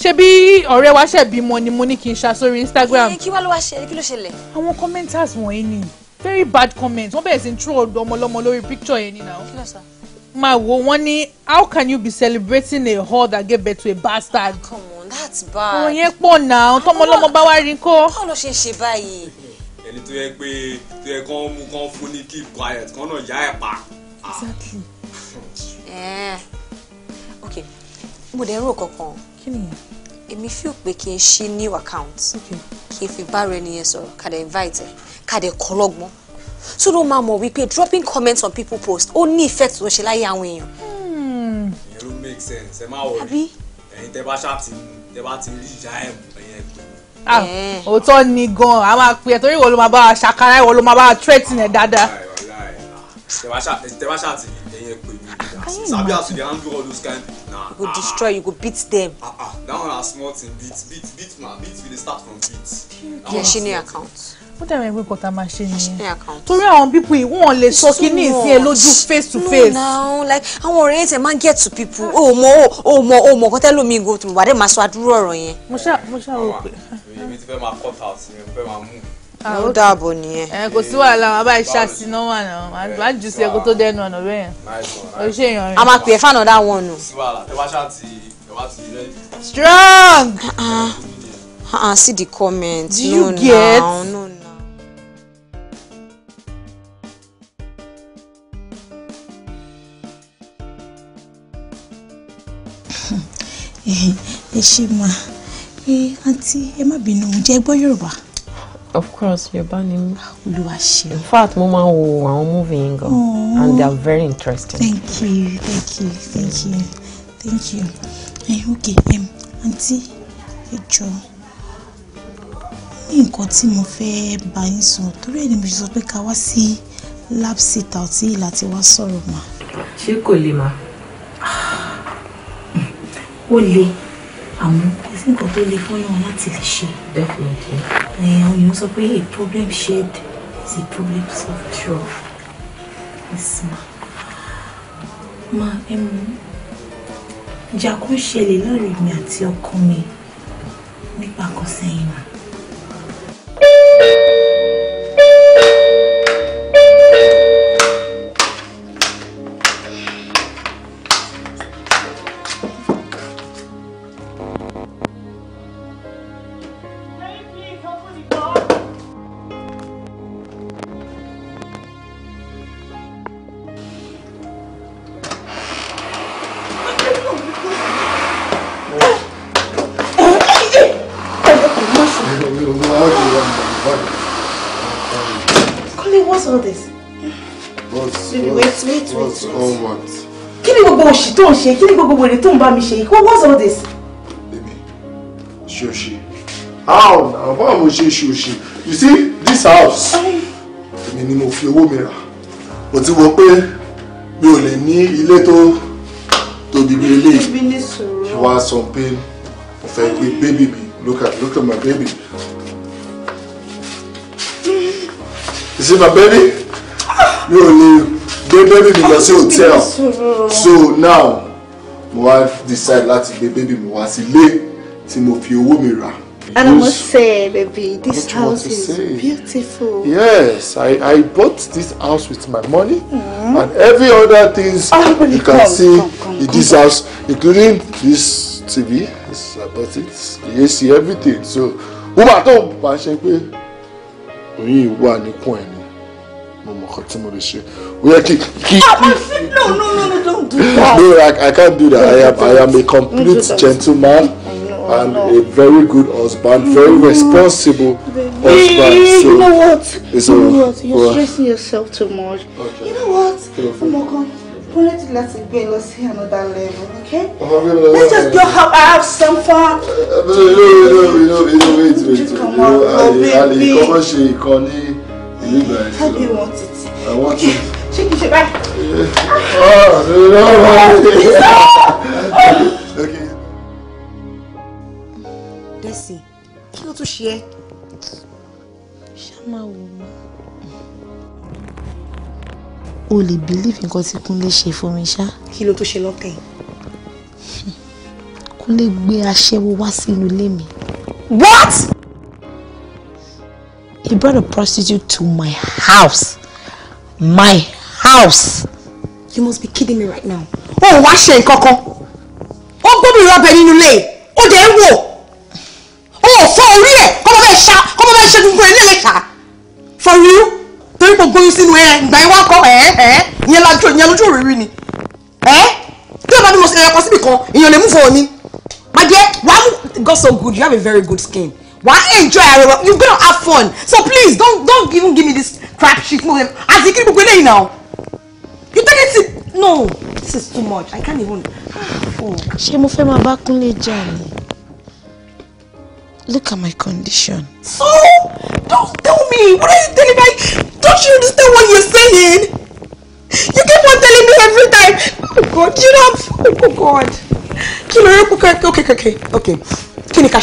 ṣé bí ọ̀rẹ́ wa ṣẹ̀ bímọ ni mo ní kí n ṣá sórí Instagram. kí wàá ló wá ṣẹlẹ̀ kí ló ṣẹlẹ̀. àwọn commenters wọ̀nyí ni very bad comments wọ́n bẹ̀rẹ̀ sí ń tú ọ̀dọ̀ ọmọlọ́mọ lórí picture yẹn ni náà. kí ló sọ máa wo wọn ní how can you be celebrating a hall that gave birth to a bastard. Oh, come on that's bad. ọ̀rọ̀ yẹn pọ̀ náà tọmọlọ́mọ bá wá rí kó. báwo ló ṣe ṣe báyìí ẹni tó yẹ pé tó yẹ kán mú kán fún ní keep quiet kán náà yá ẹ̀ pa. exactly. Ah. Eh. ok mo dẹ̀ ń rò kankan. kí ni ìyẹn. èmi feel pé kí n ṣí new account kí n fi bára ẹni yẹn sọ̀rọ̀ ká dẹ̀ invite ẹ̀ ká dẹ̀ kọ́ lọ́gbọ́n so ló máa mọ̀ wípé dropping comments on people post ó ní effect tó ṣe láyé àwọn èèyàn. Hmm. ìyẹn ló make sense ẹ má wọrí ẹ̀yin tẹ́ bá ṣáà ti tẹ́ bá ti rí ìyá ẹ̀ ẹ̀yìn ẹ̀gbọ́n Ah, eh. òótọ́ ni gan a máa pè é torí ìwọ ló máa bá wa ṣàkárá ìwọ ló máa bá wa threaten ẹ̀ dáadáa. tẹ̀wá ti ẹyẹ pè mí sabi ah, as you dey handle all those kind you go destroy you go beat them. ah ah that one na small thing beat beat beat ma beat we dey start from beat. yẹn ṣe ní account ó dẹ̀ rẹ̀ pé kọ́tà máa ṣe nìyẹn torí àwọn pípọ̀ yìí wọ́n lè sọ kínní sí ẹ lójú face to face. no na like àwọn ọ̀rẹ́ yẹn tẹ̀ máa ń get to people o mọ o mọ o mọ kọ́tà lómi go through wàdé máa sọ àdúrò ọ̀rọ̀ yẹn. mo ṣá mo ṣá rò pé. èmi ti fẹ́ máa cut out mi ò fẹ́ máa mú. ó dààbò nìyẹn. ẹ kò sí wàhálà wọn bá ṣá sí nọ́wà náà má jù sí ẹkú tó dẹnu ọ̀nà bẹ́ẹ̀ yẹn. a máa pè é fáànà dá wọn nù. strong. Uh -uh. Uh-uh, see the comment. Do you no, get? No, no, no. ẹ ṣe mà ẹ àǹtí ẹ má bínú ǹjẹ́ gbọ́ yorùbá. of course yorùbá ni mí. olúwa ṣe. in fact mo máa ń wo àwọn movie yẹn gan and they are very interesting. thank you thank you thank you thank you ẹ ok àǹtí ẹ jọ ní nǹkan tí mo fẹ́ bá yín sọ torí ẹni mo ṣe sọ pé ká wá sí lab sit out yìí láti wá sọ̀rọ̀ mà. ṣé kò lè máa ó le àmọ́ kò sí nǹkan tó le fọyàn láti lè ṣe. definitely. àwọn èèyàn sọ pé a problem shared is a problem solved. sure. yes ma. ma ẹ mú ìjà kan ṣẹlẹ̀ lórí mi àti ọkọ mi nípa kan náà. ṣe kí ni gbogbo èrè tó ń bá mi ṣe kó what's all this. baby ṣe o ṣe how na báwo mo ṣe ṣe o ṣe you see this house èmi ni mo fi owó mi rà mo ti wò pé mi ò lè ní ilé tó tóbi bí eléyìí you wan some pain mo fẹ́ gbé baby mi look at look at my baby you see my baby mi ò lè gbé baby mi lọ sí hotel so now wá decide láti gbé bébì mi wá sílé tí mo fi owó mi rà. And I must say, baby, this house is beautiful. Yes, I, I bought this house with my money mm. and every other things oh, [laughs] you can come, see come, come, in this come. house, including this TV. Yes, I bought it. The AC, everything. So, woman, don't pass it. Oyin wà ní kún ẹ̀ mo mọ̀ kọ́ tí mo lè ṣe ó yẹ kí. no no no no don't do that. no I, I can't do that I am, I am a complete gentleman and a very good husband very responsible husband so you know what you know what you're what? stressing yourself too much okay. you know what ọmọkan kúnlẹ̀ ti láti gbé lọ sí another level okay let's just go have I have some fun. no no no no no wait wait wait no I I lè kọ́kọ́ ṣe ìkànnì nígbà yẹn. káde wọn títí. àwọn ti. ṣé kìí ṣe báyìí. dẹ́sì kí ló tún ṣe ẹ́ ṣá máa wò mí. o lè bílíìfì nǹkan tí Kúnlé ṣe fún mi ṣá. kí ló tó ṣe lọ́kàn yìí. Kúnlé gbé aṣẹ́wó wá mi. what? He brought a prostitute to my house. My house. You must be kidding me right now. Oh, wá ṣe nǹkan kan. Ó gbóbi rọ́bẹ̀ nínú ilé yìí. Ó dẹ̀ ń wò. Ó fọ́ orí ẹ̀ kọ́ bọ́ bẹ́ẹ̀ ṣá kọ́ bọ́ bẹ́ẹ̀ ṣe gbogbo ẹ̀ nílẹ̀ ṣá. For real? Torí kò gbóyún sínú ẹ̀ ìgbà yẹn wá kọ́ ẹ̀ ẹ̀ ìyẹn lajú ìyẹn lójú òrìrì ni. Ẹ́ tí o bá ní mo ṣe ẹ̀yọ̀ kan síbì kan, ìyẹn lè mú fún òní. My dear, why you got so good? You have a very good skin. Why enjoy ara wa you gonna have fun so please don't don't even give me this crap shit mo àti kiri gbogbo eléyìí now you take it no this is too much I can't even. Oh, [sighs] mo fẹ́ máa bá Kúnlé jà ni. Look at my condition. So, don't tell me. What are you telling me? Don't you understand what you're saying? You keep on telling me every time. Oh God, you know. Oh God. Okay, okay, okay, okay. kókè Okay. Kí ni ká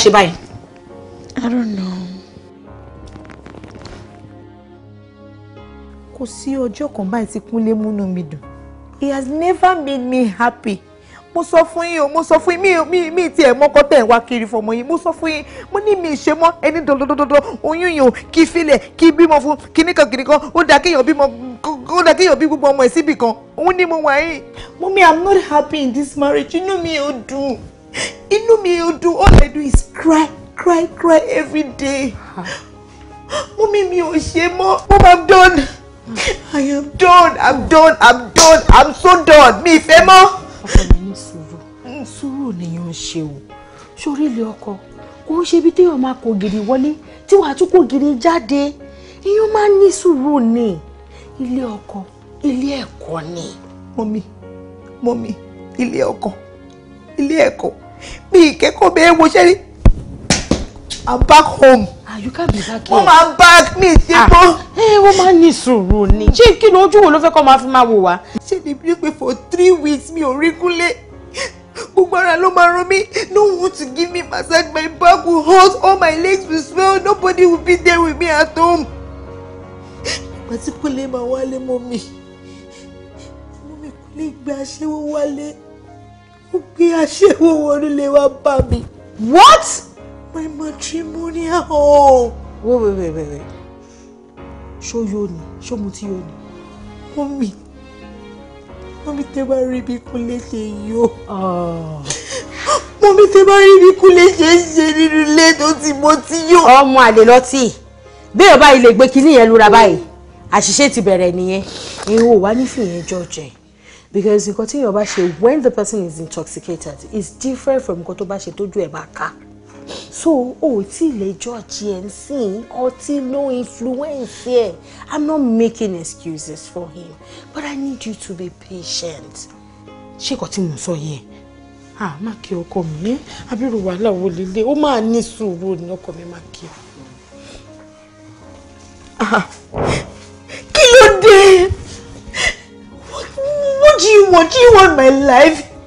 I don't know. kò sí ọjọ́ kan báyìí tí kúnlé múnú mi dùn he has never made me happy mo sọ fún yín o mo sọ fún yín mi mi ti ẹ̀ mọ́kọ́ tẹ̀ wá kiri fọmọ yín mo sọ fún yín mo ní mi ṣe mọ́ ẹni dòdòdòdò oyún yìí o kí filẹ̀ kí bímọ fún kíníkan kíníkan ó dáa kéèyàn bímọ ó dáa kéèyàn bí gbogbo ọmọ ẹ̀ síbì kan òun ni mo wà yìí. mummy i'm not happy in this marriage inú mi ò dùn inú mi ò dùn all i do is cry cry cry every day mummy mi ò ṣe mọ́ mom i'm done i am done i'm done i'm done i'm so done mi ìfẹ́ mọ́. ọkọ mi ní sùúrù sùúrù nìyẹn ń ṣe o sórí ilé ọkọ kò ń ṣe ibi téèyàn máa kó gidi wọlé tí wàá tún kó gidi jáde èèyàn máa ní sùúrù ni ilé ọkọ ilé ẹ̀kọ́ ni. mọ́mí mọ́mí ilé ọkọ ilé ẹ̀kọ́ bí ìkẹ́kọ̀ọ́ bẹ́ẹ̀ wo ṣẹ́rí I'm back home. Ah, you can't be back here. Woman, back me, ti bọ́. Ẹ wọ́n máa ní sùúrù ni. Ṣé kí ló ojú wo ló fẹ́ kọ́ máa fi máa for three weeks Me ò rí kúnlé? Gbogbo ara ló No one to give me massage. My back will hurt. All my legs will swell. Nobody will be there with me at home. Ìgbà tí kúnlé máa wálé mọ́ Mommy, Mọ́ mi kúnlé gbé aṣẹ́wó wálé. Ó gbé What? my matrimonial home. Oh. wait wait wait wait wait Show yóò ní ṣó mu tí yóò ní. mọ́mí mọ́mí tẹ́ yo. rí bí Kúnlé ṣe yó. mọ́mí tẹ́ bá rí bí Kúnlé ṣe ń ṣe nínú ilé tó ti mọ́ tí yó. ọmọ àlè lọ́tì bí ò báyìí lè gbé kinní yẹn lura báyìí àṣìṣe ti bẹ̀rẹ̀ nìyẹn ìwọ wà nífìyẹn jọjẹ because nǹkan tí èèyàn bá ṣe when the person is intoxicated is different from nǹkan tó bá ṣe tójú ẹ̀ bá ká so o ò tí ì lè jọ́ọ̀jì ẹ̀ ń sìn ọtí influence ẹ̀ e. i'm not making excuses for him but i need you to be patient ṣé kò tí mo sọ yẹn ah má kí ọkọ mi abirù wàhálà wo lélẹ̀ ó máa ní sùúrù ní ọkọ mi má kí ọ. kí ló dé what do you want do you want my life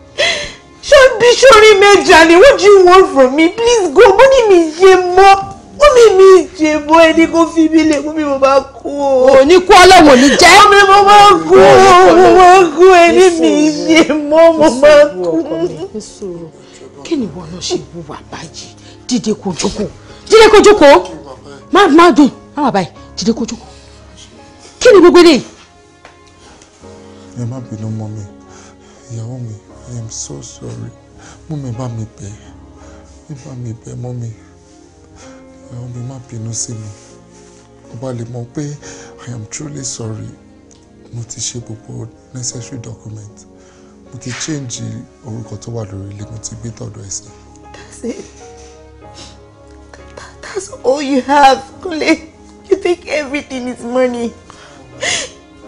Just be sórí me Johnny. what do you want from me please go mo ní mi ṣe mọ́ ó mi mi ṣe mọ́ ẹni kó fi mi lè mú mi mo máa kú o. ò ní kú ọlọ́wọ̀n ní jẹ́. ọmọ mi mo máa kú o mo máa kú Can you ṣe mọ́ mo máa kú. kí ni ìwọ náà ṣe wúwa báyìí dídé kó ma dídé kó jókòó má má dùn má wà báyìí dídé kó jókòó kí ni gbogbo eléyìí. ẹ má bínú mọ́ I am so sorry mummy bá mi bẹ̀ ẹ́ bá mi bẹ̀ mummy ẹ̀ ọmọ má bínú sí mi ọba lè mọ̀ pé I am truly sorry mo ti ṣe gbogbo necessary documents. mo ti change orúkọ tó wà lórí ilé mo ti gbé tọ̀dọ̀ ẹ̀ That's it. That, that's all you have, Kule. You think everything is money.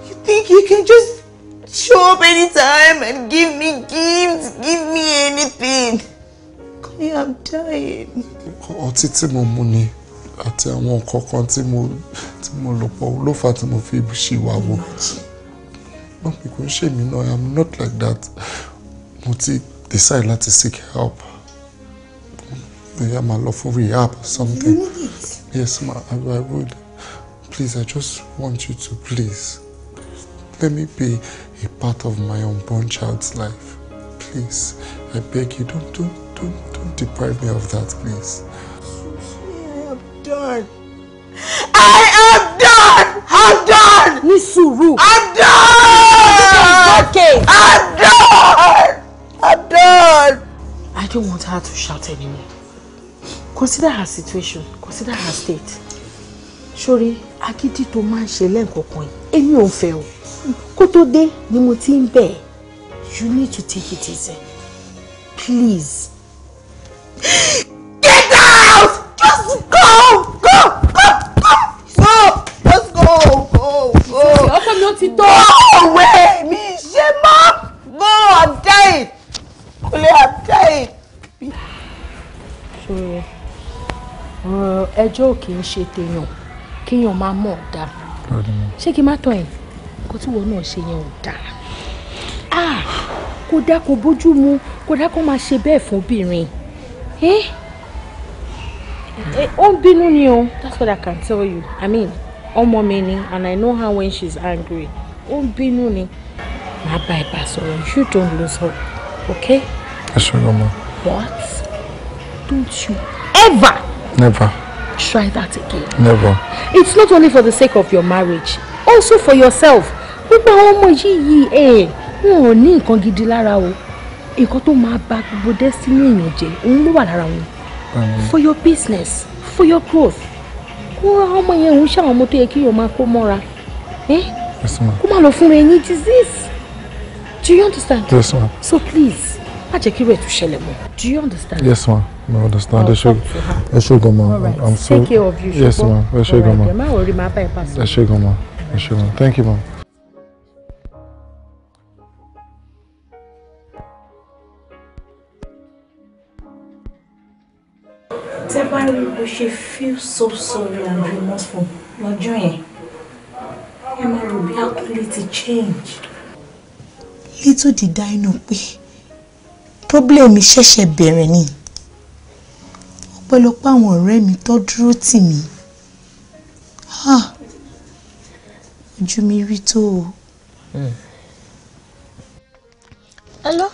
You think you can just Show up anytime and give me gifts, give me anything. Kọ́lé, I'm dying. Ọtí tí mo mú ni àti àwọn kọ̀ọ̀kan tí mo tí mo lò pọ̀ ló fà tí mo fi ṣìwà wò. Wọ́n pè kó ń ṣe mí náà, I'm not like that. Mo ti decide láti seek help. Bóyá máa lọ fún rehab or something. Yes, ma, I would. Please, I just want you to please. Let me be a part of my unborn child's life. Please, I beg you, don't, don't, don't, don't deprive me of that, please. I am done. I am done. I'm done. Ní sùúrù. I'm done. Okay. I'm done. I'm done. I don't want her to shout anymore. Consider her situation. Consider her state. Sorry, I tó it ń ṣe lẹ́ǹkọ̀ọ̀kan yìí. Èmi Any unfair kó tó dé ni mo ti ń bẹ̀ you need to take it easy please get out just go go go go go just go go go. ọkọ mi ó ti tó. ọ̀wẹ́ mi go i'm dying kule i'm dying. ṣòro ọ̀rọ̀ ẹjọ́ ò kì í ṣe téèyàn kéèyàn máa mọ̀ ọ́ dáa ṣé kí n má tọ̀ yìí nǹkan tí wọn náà ṣe yẹn ò dáa ah kò dáa kò bójú mu kò dáa kó máa ṣe bẹ́ẹ̀ fún obìnrin eh? Eh, ó ń bínú ni o that's what i can tell you i mean ọmọ mi ni and i know her when she's angry ó ń bínú ni màá bá ẹ bá sọ̀rọ̀ you don't lose hope okay. ẹ ṣọlọ mọ. what don't you ever. never. try that again. never. it's not only for the sake of your marriage also for yourself gbogbo àwọn ọmọ yìí yìí ẹ̀ wọn ò ní nǹkan gidi lára o nǹkan tó máa bà gbogbo destiny èèyàn jẹ́ òun ló wà lára wọn for your business for your growth wọn ọmọ yẹn òun ṣàwọn ọmọ tó yẹ kí yóò máa kó mọ́ra kó má lọ fún rẹ ní disease do you understand yes, ma'am. so please má jẹ́ kí rẹ̀ tún ṣẹlẹ̀ mọ́ do you understand. yes ma'am i understand ẹ ṣe ẹ ṣe gan ma i'm so take care of you yes ma'am ẹ gan ma ẹ ṣe gan ma ẹ ṣe gan ma thank you ma'am. tẹ́ bá rí bó ṣe feel so sorry and remorseful lọ́jọ́ yẹn ẹ máa rò bí akúlé ti change. little did I know pé problem ṣẹ̀ṣẹ̀ bẹ̀rẹ̀ ni ọpẹ́lọpẹ́ àwọn ọ̀rẹ́ mi tó dúró tì mí ah! ojú mi rí tó o. hello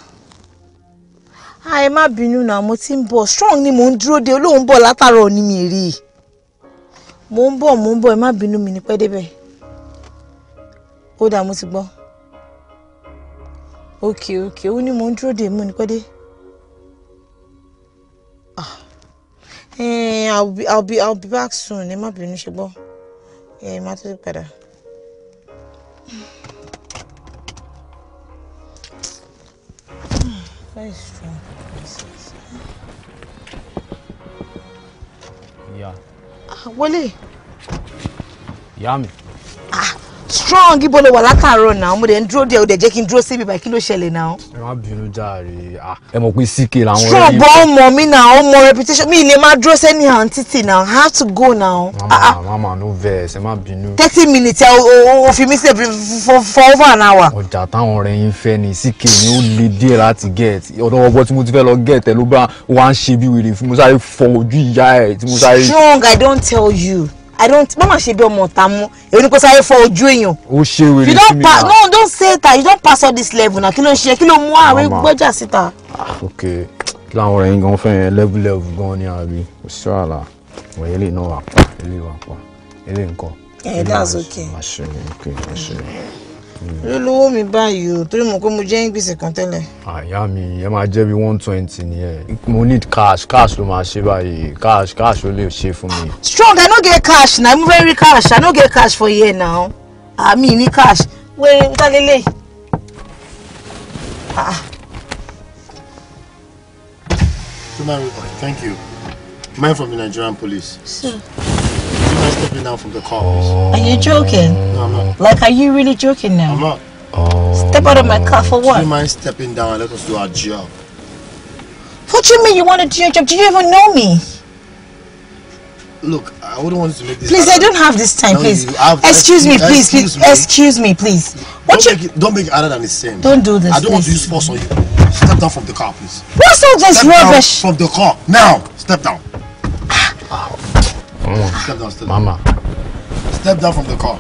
a ẹ má bínú náà mo ti ń bọ̀ strong ni mò ń dúró de olóhùn bọ̀ látàárọ̀ ní mi rí i mò ń bọ̀ mò ń bọ̀ ẹ má bínú mi ní pẹ́ débẹ̀ ó dà mo ti gbọ́ òkè òkè ó ní mò ń dúró de mò ní pẹ́ dé ah eh I'll be I'll be I'll be back soon ẹ má bínú ṣe gbọ́ ẹ eh, má tó padà. Very strong places. Yeah. Ah, Wọlé. Ìyá Ah, strong ibo walaka run now. náà. Mo dẹ̀ ń dúró díẹ̀, o dẹ̀ jẹ́ kí n dúró síbi báyìí kí ló má bínú jàre ah. ẹ mọ̀ pé ck làwọn rẹ. ṣùgbọ́n ọmọ mi na ọmọ reputation mi lè máa dúró sẹ́ni àǹtítì na I have to go now. mama ah, ah. mama no vex ẹ má bínú. thirty minutes o fi mi sílẹ̀ for over an hour. ọjà táwọn ọ̀rẹ́ yín fẹ́ ni ck ni ó le díẹ̀ láti get ọ̀dọ́ ọgbọ́n tí mo ti fẹ́ lọ get ẹ ló bá wa ń ṣe bí wèrè fún mo sáré fọ ojú ìyá ẹ̀ tí mo sáré. strong I don tell you. I don't mama ṣe bí ọmọ ọ̀tá mú èyí ni kò sáré fọ ojú èèyàn. ó ṣe wèrè sí mi náà. no don't say that you don't pass all this level na kí ló ń ṣe kí ló mú àwẹ̀ gbọ́jà síta. Ah, ok kí làwọn ọ̀rẹ́ yín gan fẹ́ yẹn level level gan ni àbí kò sí wàhálà wọ̀nyí lè náà wà pa eléyìí wà pa eléyìí nǹkan. ẹ that's okay. máa ṣe ok máa ṣe olówó mi báyìí o torí mo kó mo jẹ́ ń gbèsè kan tẹ́lẹ̀. àyà mi ẹ máa jẹ́ bí one twenty nìyẹn mo need cash cash ló máa ṣe báyìí cash cash ló lè ṣe fún mi. strong i no get cash na mo fẹ́ cash i no get cash for here now àmì ní cash wẹ́rẹ́ wúta lélẹ̀. Tumaru, thank you. Man from the Nigerian police. Sure. stepping down from the Are you joking? No, I'm not. Like, are you really joking now? I'm not. Oh, step out of my car for what? Do you mind stepping down and let us do our job? What do you mean you want to do your job? Do you even know me? Look, I wouldn't want to make this. Please, I don't have this time. No, please, excuse, excuse me, please, excuse me. excuse me, please. What don't you make it, don't make it other than the same. Don't do this. I don't please. want to use force on you. Step down from the car, please. What's all this step rubbish? from the car now. Step down. Ah. Step down, step down. Mama. Step down from the car.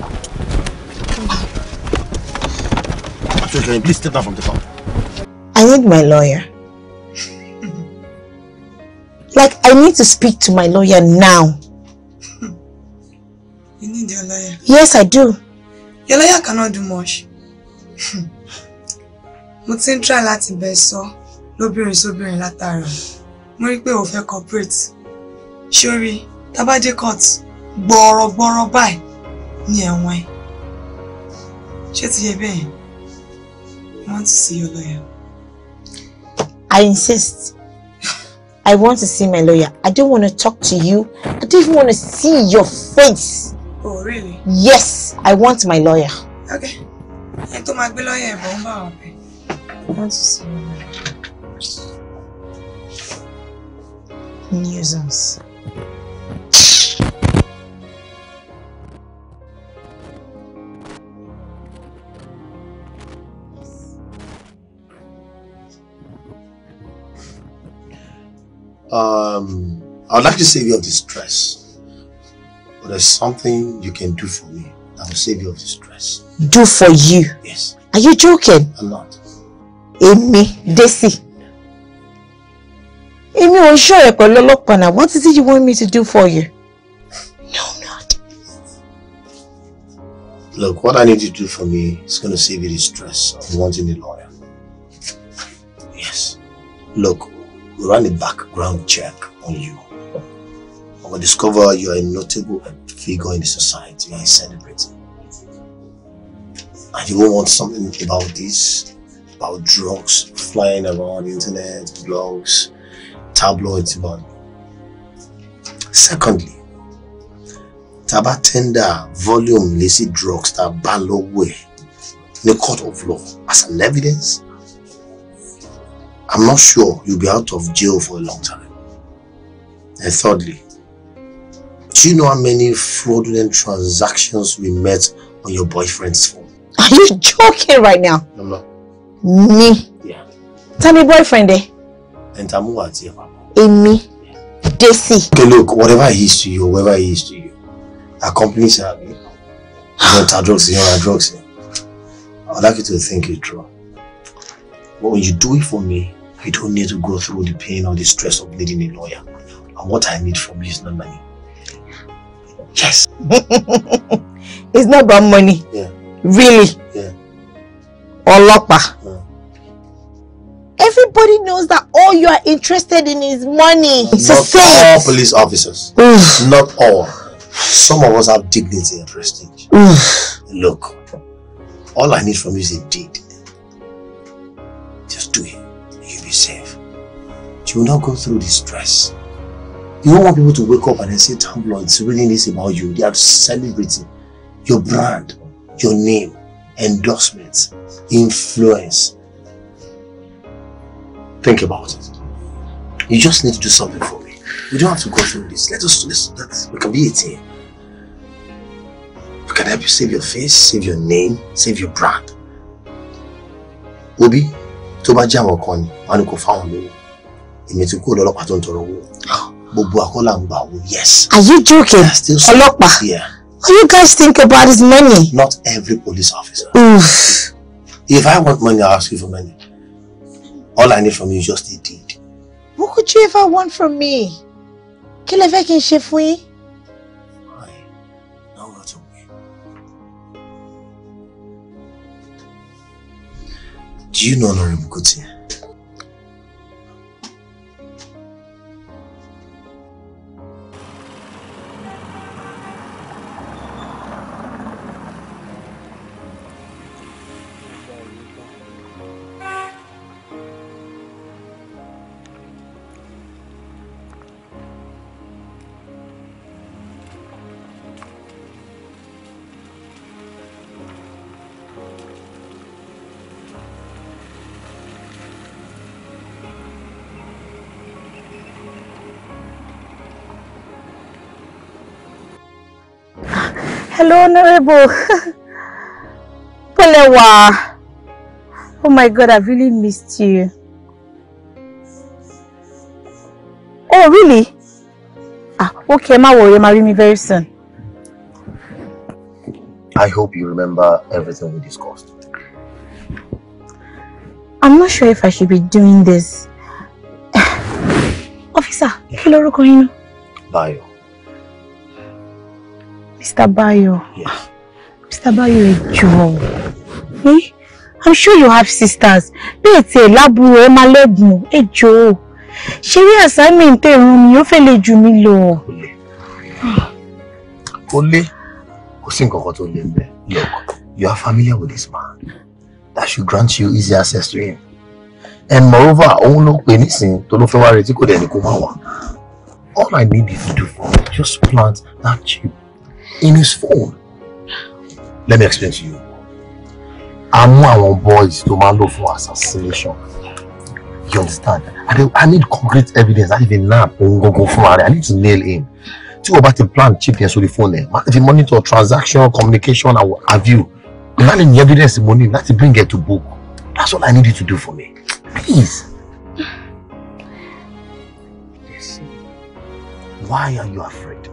Please step down from the car. I need my lawyer. like, I need to speak to my lawyer now. You need your lawyer? Yes, I do. Your lawyer cannot do much. Mo ti ń try láti bẹ̀ sọ lóbìnrin sóbìnrin látara. Mo rí pé o fẹ́ cooperate. Ṣorí tabajẹ court gbọ̀rọ̀gbọ̀rọ̀ báyìí ní ẹ̀wọ̀n ẹ̀ ṣé ti yẹ bẹ́ẹ̀ I want to see your lawyer. I insist. I want to see my lawyer. I don't want to talk to you. I don't even want to see your face. Oh, really? Yes, I want my lawyer. Okay. Ẹni tó máa gbé lọ́yà ẹ̀bọ̀ ń bá wọn bẹ̀. I want to see my lawyer. Nuisance. Um, I'd like to save you of the stress. But there's something you can do for me that will save you of the stress. Do for you? Yes. Are you joking? I'm not. Èmi, Desi. Èmi ò ṣọ̀rẹ́ pẹ̀lú ọlọ́pàá náà. What is it you want me to do for you? No, not. Look, what I need you to do for me is going to save you the stress of wanting a lawyer. Yes. Look, run a background check on you. I will discover you are a notable figure in the society and celebrating. And you won't want something about this, about drugs flying around internet, blogs, tabloids about. Secondly, taba tender volume illicit drugs that ban law way in the court of law as an evidence I'm not sure you'll be out of jail for a long time. And thirdly, do you know how many fraudulent transactions we met on your boyfriend's phone? Are you joking right now? No, no. Me? Yeah. Tell me boyfriend eh? And Tamu àti Papa. Èmi. Yeah. Desi. Okay, look, whatever he is to you, whatever he is to you, accomplish her. You don't have drugs, you don't have drugs. I'd like you to think it through. But when you do it for me, I don't need to go through the pain or the stress of needing a lawyer. And what I need from you is not money. Yes. [laughs] it's not about money. Yeah. Really. Yeah. Or lopa. Yeah. Everybody knows that all you are interested in is money. Not all police officers. Oof. Not all. Some of us have dignity and prestige. Oof. Look, all I need from you is a deed be safe. You will not go through this stress. You don't want people to wake up and say tabloids reading this about you. They are celebrating your brand, your name, endorsements, influence. Think about it. You just need to do something for me. We don't have to go through this. Let us do this. Let's, we can be a team. We can help you save your face, save your name, save your brand. Obi, tó bá jáwọ́ kan ni wọn ni kò fáwọn lówó èmi ti kúrò lọ́lọ́pàá tó ń tọrọ owó gbogbo àkọlà ń gbà owó yes. are you joking ọlọ́pàá yeah. what you guys think about is money. not every police officer. Oof. if I want money I ask you for money all I need from you is just a deed. what could you ever want from me kí lè fẹ́ kí n ṣe fún yín. Do you know n o r a b l Kuti? Hello, Honorable. [laughs] Polewa. Oh my God, I've really missed you. Oh, really? Ah, okay, ma worry, marry me very soon. I hope you remember everything we discussed. I'm not sure if I should be doing this. [sighs] Officer, Hello, lorúkọ Bye. Mr. Bayo. Yes. Mr. Bayo, ẹ jọ̀ọ́. Eh? I'm sure you have sisters. Be it a labu, a máa lẹ́gbùn, ẹ jọ̀ọ́. Ṣé rí assignment tẹ̀ you mi, ó fẹ́ lè jù mí lọ. Ó lé, kò sí nǹkan Look, you are familiar with this man. That should grant you easy access to him. And moreover, I won't pè anything to ló for wá retí kò dẹ̀ ní All I need you to do for me, just plant that chip in his phone. Let me explain to you. I know àwọn boys to máa for assassination. You understand? I, I need concrete evidence. I even nap òun gangan fúnra I need to nail him. Tí o bá ti plan chip yẹn sórí fóònù ẹ̀, máa fi monitor transaction, communication I will have you. Not in the evidence The money. ní to bring it to book. That's all I need you to do for me. Please. Yes. Why are you afraid?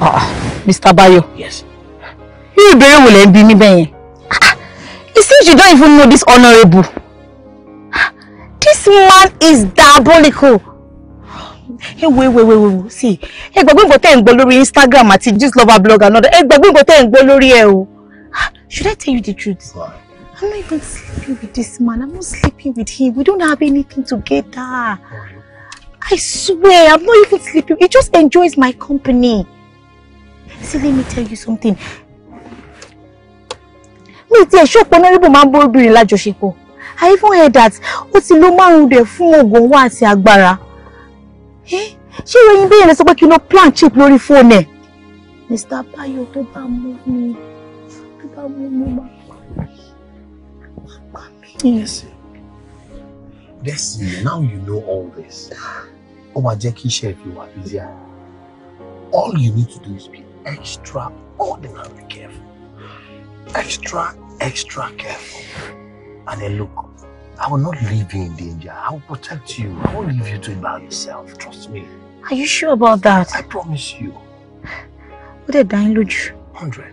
Ah, Mr. Bayo. Yes. Irú ìbéèrè wo lẹ̀ me bi mí bẹ́ẹ̀ It ah, seems you don't even know this honourable. Ah, this man is diabolical. Hey, wait, wait, wait, wait. See, hey, gbàgbé nǹkan tẹ́ ń gbọ́ Instagram at Gist Lover blogger náà. Ẹ hey nǹkan tẹ́ ń gbọ́ lórí ah, Should I tell you the truth? Why? I'm not even sleeping with this man. I'm not sleeping with him. We don't have anything together. I swear, I'm not even sleeping. He just enjoys my company. See, let me tell you something. Me, ti ẹ̀ ṣọ́pọ̀ onírìbù man ń bóbìnrin lájọṣepọ̀. I even heard that ó ti lo márùn-ún rẹ̀ go oògùn owó àti agbára. Ṣé ìròyìn bẹ́yẹn lè sọ pé kí n lọ plan cheap lórí fóònù ẹ̀? Mr. Bayo tó bá mú mi, tó bá mú mi máa Yes. Destiny, now you know all this. Ó máa jẹ́ kí iṣẹ́ ìfi wà easier. All you need to do is be Extraordinary careful. Extra, extra careful. And then look, I will not leave you in danger. I will protect you. I won't leave you to it by yourself. Trust me. Are you sure about that? I promise you. What a dying lójú. Hundred.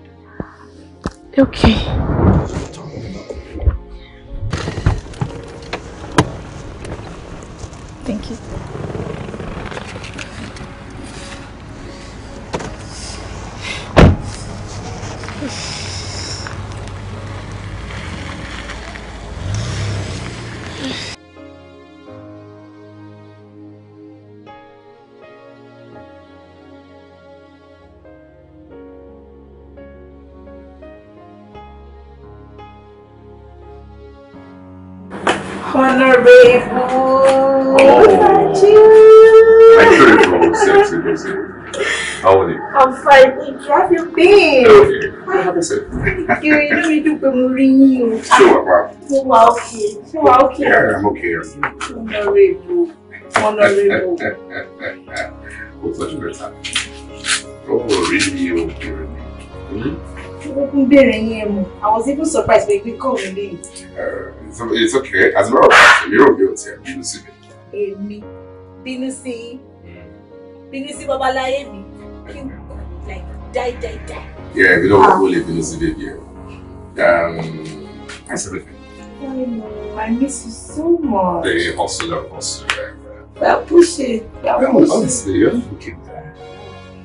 Okay. Thank you. babe. oh. I could have gone sexy, listen. How are you? I'm fine. Thank you. Have your babe. Okay. Have a sip. Thank you. You know we do Bumurinho. Sure, wow. So okay. So okay. Yeah, I'm okay. Honorable. Honorable. What's such a good time? Oh, really? Oh, really? Mm-hmm. kúkú ń I was even surprised pé ìpín kọ́ mi lẹ́yìn. Um, it's okay as a matter of fact èmi rò bí o ti ẹ̀ bínú sí mi. èmi bínú sí hmm. bínú sí babaláyé like die die die. yeah we don't want to bínú sí baby Um, that's everything. I know, I miss you so much. They hustle and hustle. Well, push it. Well, push honestly, it. you're looking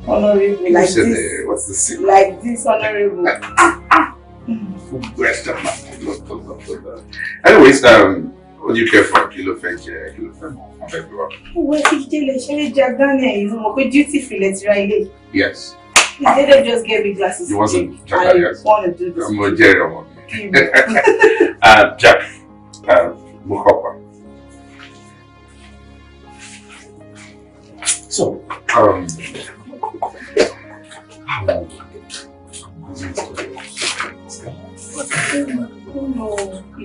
honorable like this. What's the secret? Like this, honorable. [laughs] Anyways, um, what do you care for? Kí ló fẹ́ jẹ, kí ló fẹ́ mu, on fait quoi? Ouais, si je t'ai laissé les jardins, ils m'ont fait duty free, Yes. He didn't just get me glasses. He wasn't some Jack? I want to do this. I'm a Jerry, I'm uh, Jack, uh, um, Mukapa. So, um, you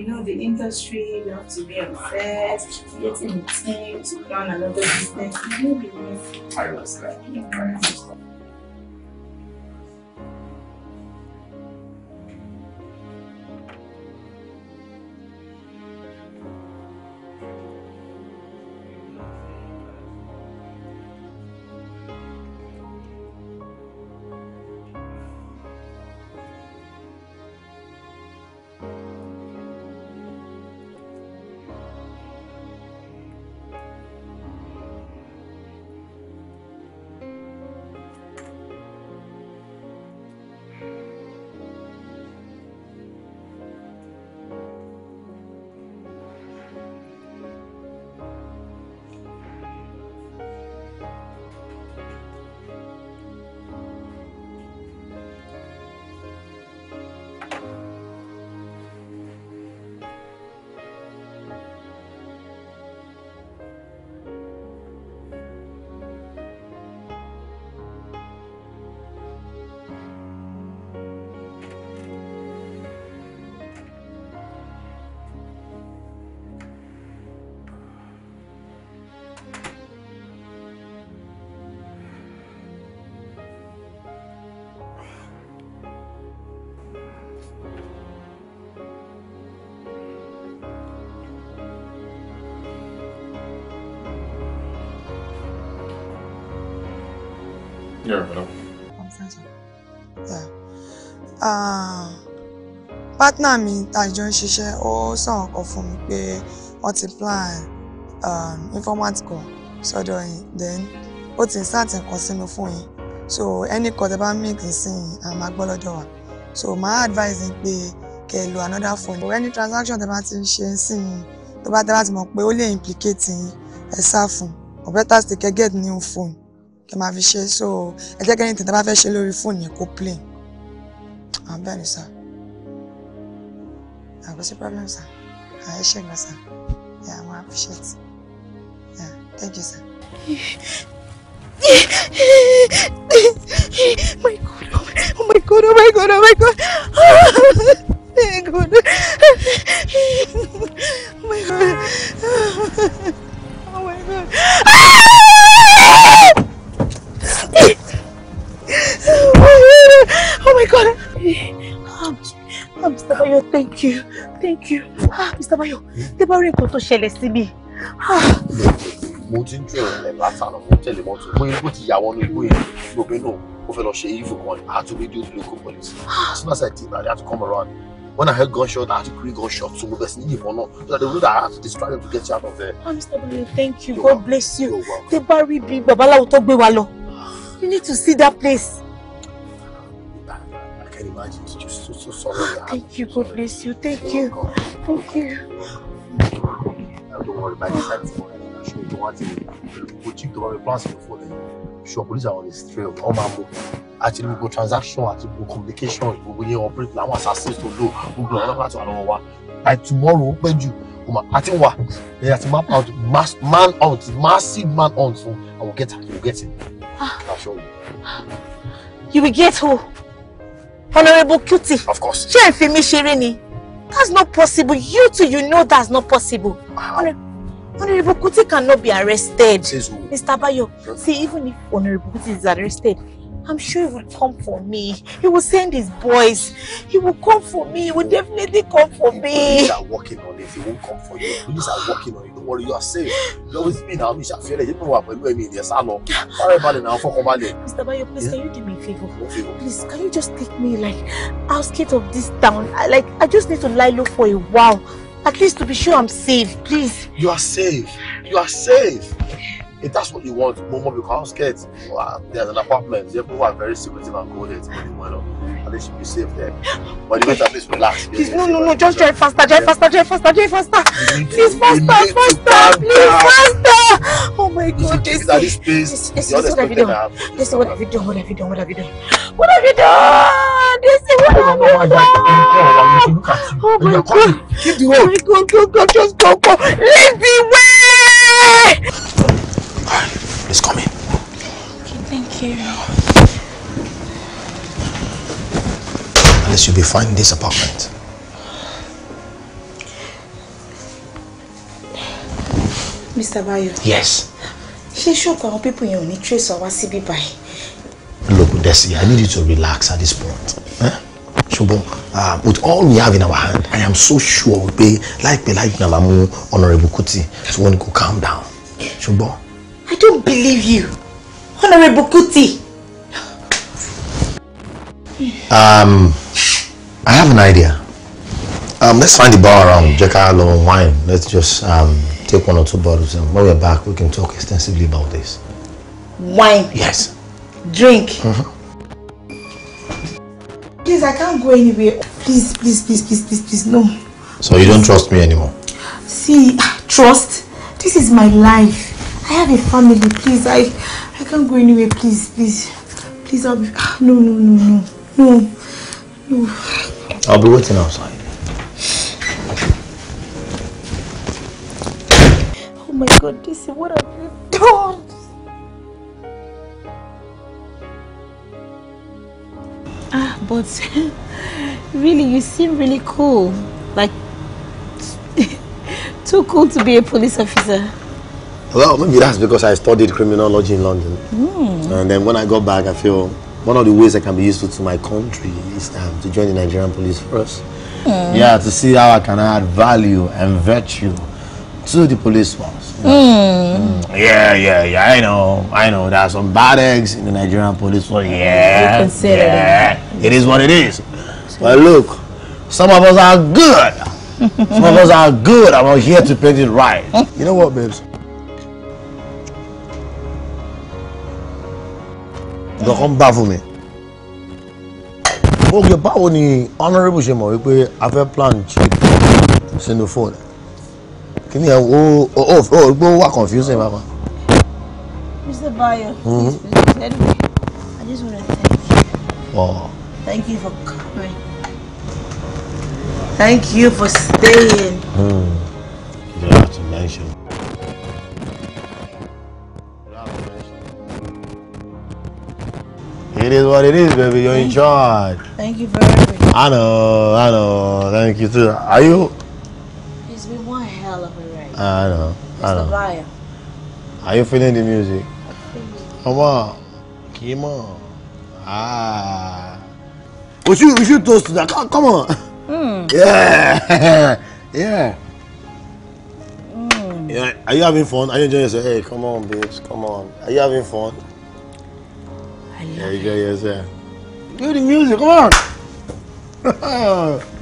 know, the industry, you have to be obsessed, get in the team to plan another business. You know, I understand. I understand. Yeah, I'm sorry. Yeah. partner mi tàjọ ń ṣiṣẹ́ ó sọ̀rọ̀ kan fún mi pé wọ́n ti plan um, informant kan sọ́dọ̀ yìí then ó ti insert nǹkan sínú fún yín so any call tẹ bá mix nísìnyí a máa gbọ́ lọ́dọ̀ wa so my advice ni pé kẹ lo another phone or any transaction tẹ bá ti ń ṣe nísìnyí tó bá tẹ bá ti mọ̀ pé ó lè implicate yín ẹ sá fún or better still kẹ get new phone tó máa fi ṣe so ẹ jẹ́ kẹ́ni tẹ̀tẹ̀ bá fẹ́ ṣe lórí fóònù yẹn kó plain àwọn ah, bẹ́ẹ̀ ni sà àbọ̀ ah, sí problem sà àyè ṣe nǹkan sà ẹ àwọn appreciate ẹ thank you sà. [laughs] my god oh, oh my god oh my god oh my god [laughs] my god [laughs] oh my god oh my god. Oh my God. Ah, Mr. Bayo, thank you. Thank you. Ah, Mr. Bayo, tẹ bá rí to tó ṣẹlẹ̀ sí mi. Ah. Mo ti ń ju ìrìnlẹ̀ látàná fún tẹ̀lé mọ́tò. Mo yẹ kó ti yà wọnú igbó yẹn. Gbogbo inú ó fẹ́ lọ ṣe evil kan. I had to radio the local police. As soon as I did that, they had to come around. When I heard gunshot, I had to create gunshot. So, best need for now. So that they would have to distract them to get you out of there. Oh, Mr. Bayo, thank you. God bless you. Tẹ bá rí bí babaláwo tó gbé wa lọ. You need to see that place can imagine. It's just so, so sorry. Oh, thank you. God bless you. Thank you. Thank you. Now, don't worry. By the time tomorrow, I'm sure you want it. We'll check the plans before then. Sure, police are on this trail. All my movie. we go transaction we go communication We go operate làwọn assassins to do. We go. tó wà lọ́wọ́ wa by tomorrow ó pẹ́ jù àti wà ẹ àti map out mass man out massive man on so I will get her you will get it. Ah. I'll show you. You will get who? Honorable cutie. of course. She ẹ fi mí ṣeré ni that's not possible you too you know that's not possible. Ah. Honor honorable cutie cannot be arrested. Oh. mr bayo see even if honorable cutie is arrested I'm sure he will come for me. He will send his boys. He will come for me. He will definitely come for the me. Police are working on it. He won't come for you. The police are working on it. Don't worry, you are safe. You always me now. You shall feel it. You know what pẹ̀lú ẹ̀mí in the salon. Sorry about it now. Fuck about it. Mr. Bayo, please, yeah? can you do me a favor? No favor. Please, can you just take me like outskirts of this town? I, like, I just need to lie low for a while. At least to be sure I'm safe, please. You are safe. You are safe. If that's what you want, Momo, you can't get. Well, there's an apartment. There people are very secretive and coded. And they should be safe there. But you better at least relax. Please, no, no, no. Just drive faster, drive faster, drive faster, drive faster. Please, faster, faster, please, faster. Oh my God, this is this space. This is what have you done? This what have you done? What have you done? What have you done? What have you done? This is what oh, have you done? Oh my God. Oh, Keep the road. Oh my God, go, go, just go, go. Leave the way. Please come Okay, thank you. Alice, you'll be fine in this apartment. Mr. Bayo. Yes. She ṣọ́ọ̀kù àwọn people yẹn ò ní trace ọwá síbí báyìí? Look, Desi, I need you to relax at this point. Eh? ṣùgbọ́n uh, with all we have in our hand i am so sure we'll láìpẹ́ láìpẹ́ náà la mú honourable Kuti So when you go calm down ṣùgbọ́n I don't believe you. Honorable Kuti. Um, I have an idea. Um, let's find the bar around Jackalo and wine. Let's just um, take one or two bottles and when we're back, we can talk extensively about this. Wine? Yes. Drink? Mm -hmm. Please, I can't go anywhere. Please, please, please, please, please, please, no. So you don't trust me anymore? See, trust? This is my life. I have a family, please. I I can't go anywhere, please, please. Please, I'll be... Ah, no, no, no, no. No. No. I'll be waiting outside. Oh my God, this is what have you done? Ah, but [laughs] really, you seem really cool. Like, [laughs] too cool to be a police officer. Well, maybe that's because I studied criminology in London. Mm. And then when I got back, I feel one of the ways I can be useful to my country is um, to join the Nigerian police force. Mm. Yeah, to see how I can add value and virtue to the police force. You know? mm. Yeah, yeah, yeah. I know, I know. There are some bad eggs in the Nigerian police force. Yeah, consider yeah. It. it is what it is. But look, some of us are good. [laughs] some of us are good. I'm here to paint it right. You know what, babes? nǹkan kan bá fún mi oge báwo ni honourable ṣe mọ̀ wípé a fẹ́ plan chip sínú fóònù kí ni ẹ o o o o gbọ́ wà confusing bàbá. Mr. Bayo mm -hmm. please please anyway I just wanna thank you oh. thank you for coming thank you for staying. Mm. have to mention. It is what it is, baby. You're Thank in charge. You. Thank you for everything. I know, I know. Thank you too. Are you? It's been one hell of a ride. I know. It's I know. the vibe. Are you feeling the music? Come on. Come on. Ah. We should, we should toast to that. Come, come on. Mm. [laughs] Yeah. [laughs] yeah. Mm. Yeah. Are you having fun? Are you enjoying yourself? Hey, come on, bitch. Come on. Are you having fun? I love there it. go, yes, sir. Do the music, come on. [laughs] [laughs]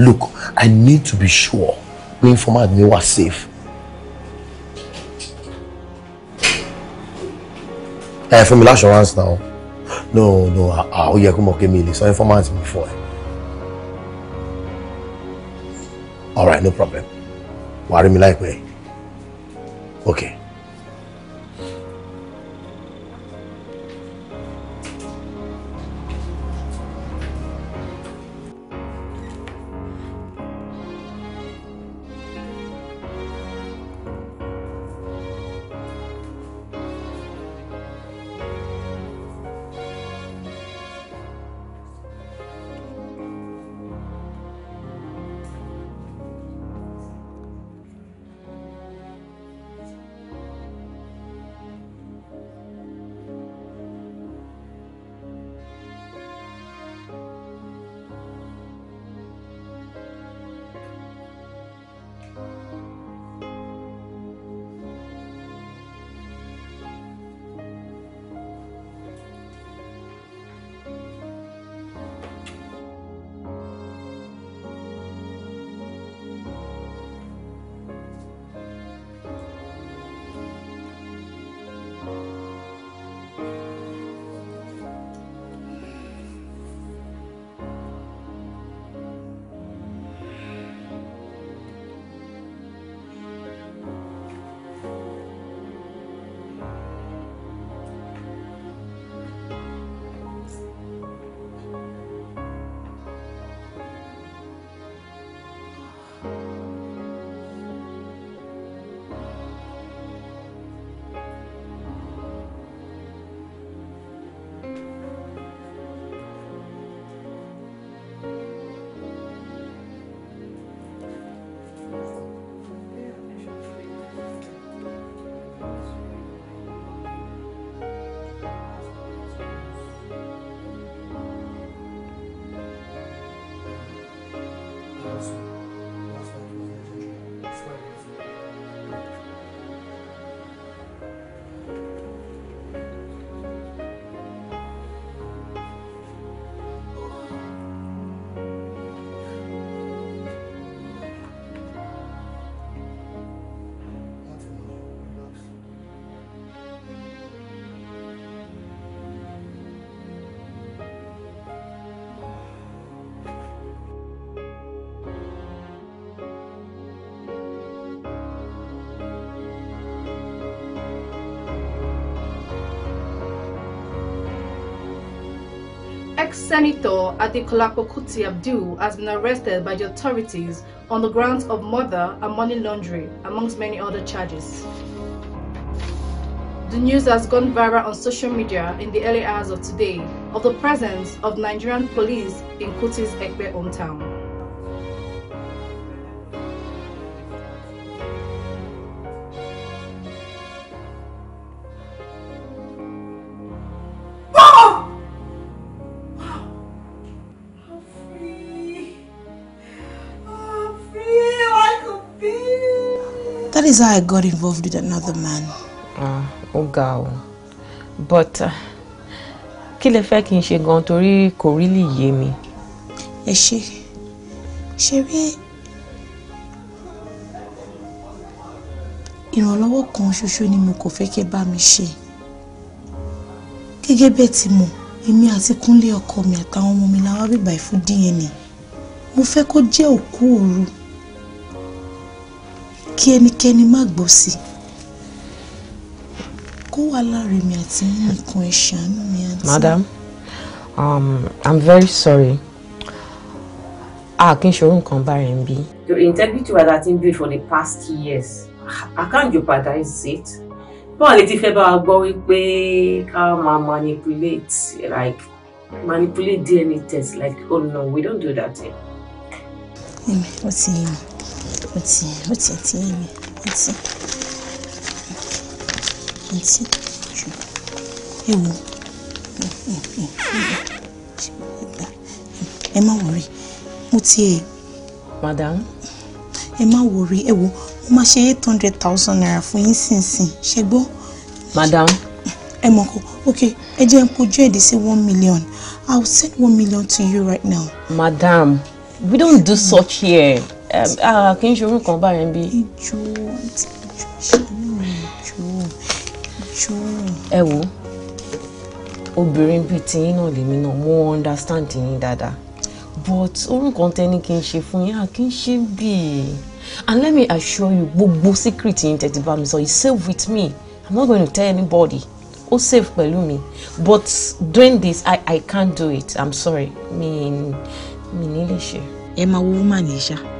look i need to be sure pé informant mi were safe. ẹ fún mi l'assurance náà no no ó yẹ kó mọ̀ pé mi lè sọ informant mi fún ẹ. all right no problem wàá me like way. okay. Ex-Senator Adekolapo Kuti Abdul has been arrested by the authorities on the grounds of murder and money laundering, amongst many other charges. The news has gone viral on social media in the early hours of today of the presence of Nigerian police in Kuti's Ekbe hometown. Later, I got involved with another man. Ah, ó ga o. But ah, kí lẹ fẹ́ kí n ṣe gan torí kò rí lè yé mi. Ẹ ṣe ṣe rí ìrànlọ́wọ́ kan ṣoṣo ni mo kò fẹ́ kí ẹ bá mi ṣe. Gẹ́gẹ́ bẹ́ẹ̀ ti mọ̀, èmi àti Kúnlé ọkọ mi àtàwọn ọmọ mi la bíbà fún DNA. Mo fẹ́ kó jẹ́ òkú òru kí ẹnikẹ́ni má gbọ́ sí kó wà láàrin mi àti nǹkan ìṣàánú mi àti. madam um, i'm very sorry a kì í ṣòro nǹkan bá rẹ̀ ń bí. your integrity was at build for the past years i can't jeopardize it báwo lè ti fẹ́ bá wa gbọ́ wípé ká máa manipulate like manipulate DNA test like oh no we don't do that here. ẹ̀mí ó ti yẹ What's it? What's it? What's it? What's it? What's it? Ẹ wo. Ẹ má wọrí. Mo ti ẹ̀. Madam. Ẹ má wọrí. Ẹ wo. Mo máa ṣe eight hundred thousand naira fún yín sínsìn. Ṣé gbọ́? Madam. Ẹ mọ̀ kó. Ok, ẹ jẹ́ n pojú ẹ̀dí sí one million. I will send one million to you right now. Madam, we don't do such here ara ah, kì í ṣe orúkọ báyẹn bí. ìjọ àti ìjọ ṣàánú ìjọ ìjọ. ẹ wo obìnrin bíi tiyín náà lèmi náà mo understand yín dáadáa but orúkọ tẹni kì í ṣe fún yín a kì í ṣe bíi and let me assure you gbogbo secret yín tẹ̀tí bá mi sọ it's safe with me i'm not going to tell anybody ó save pẹ̀lú mi but doing this i i can't do it i'm sorry mi mi ní lè ṣe. ẹ máa wo woman yìí ṣá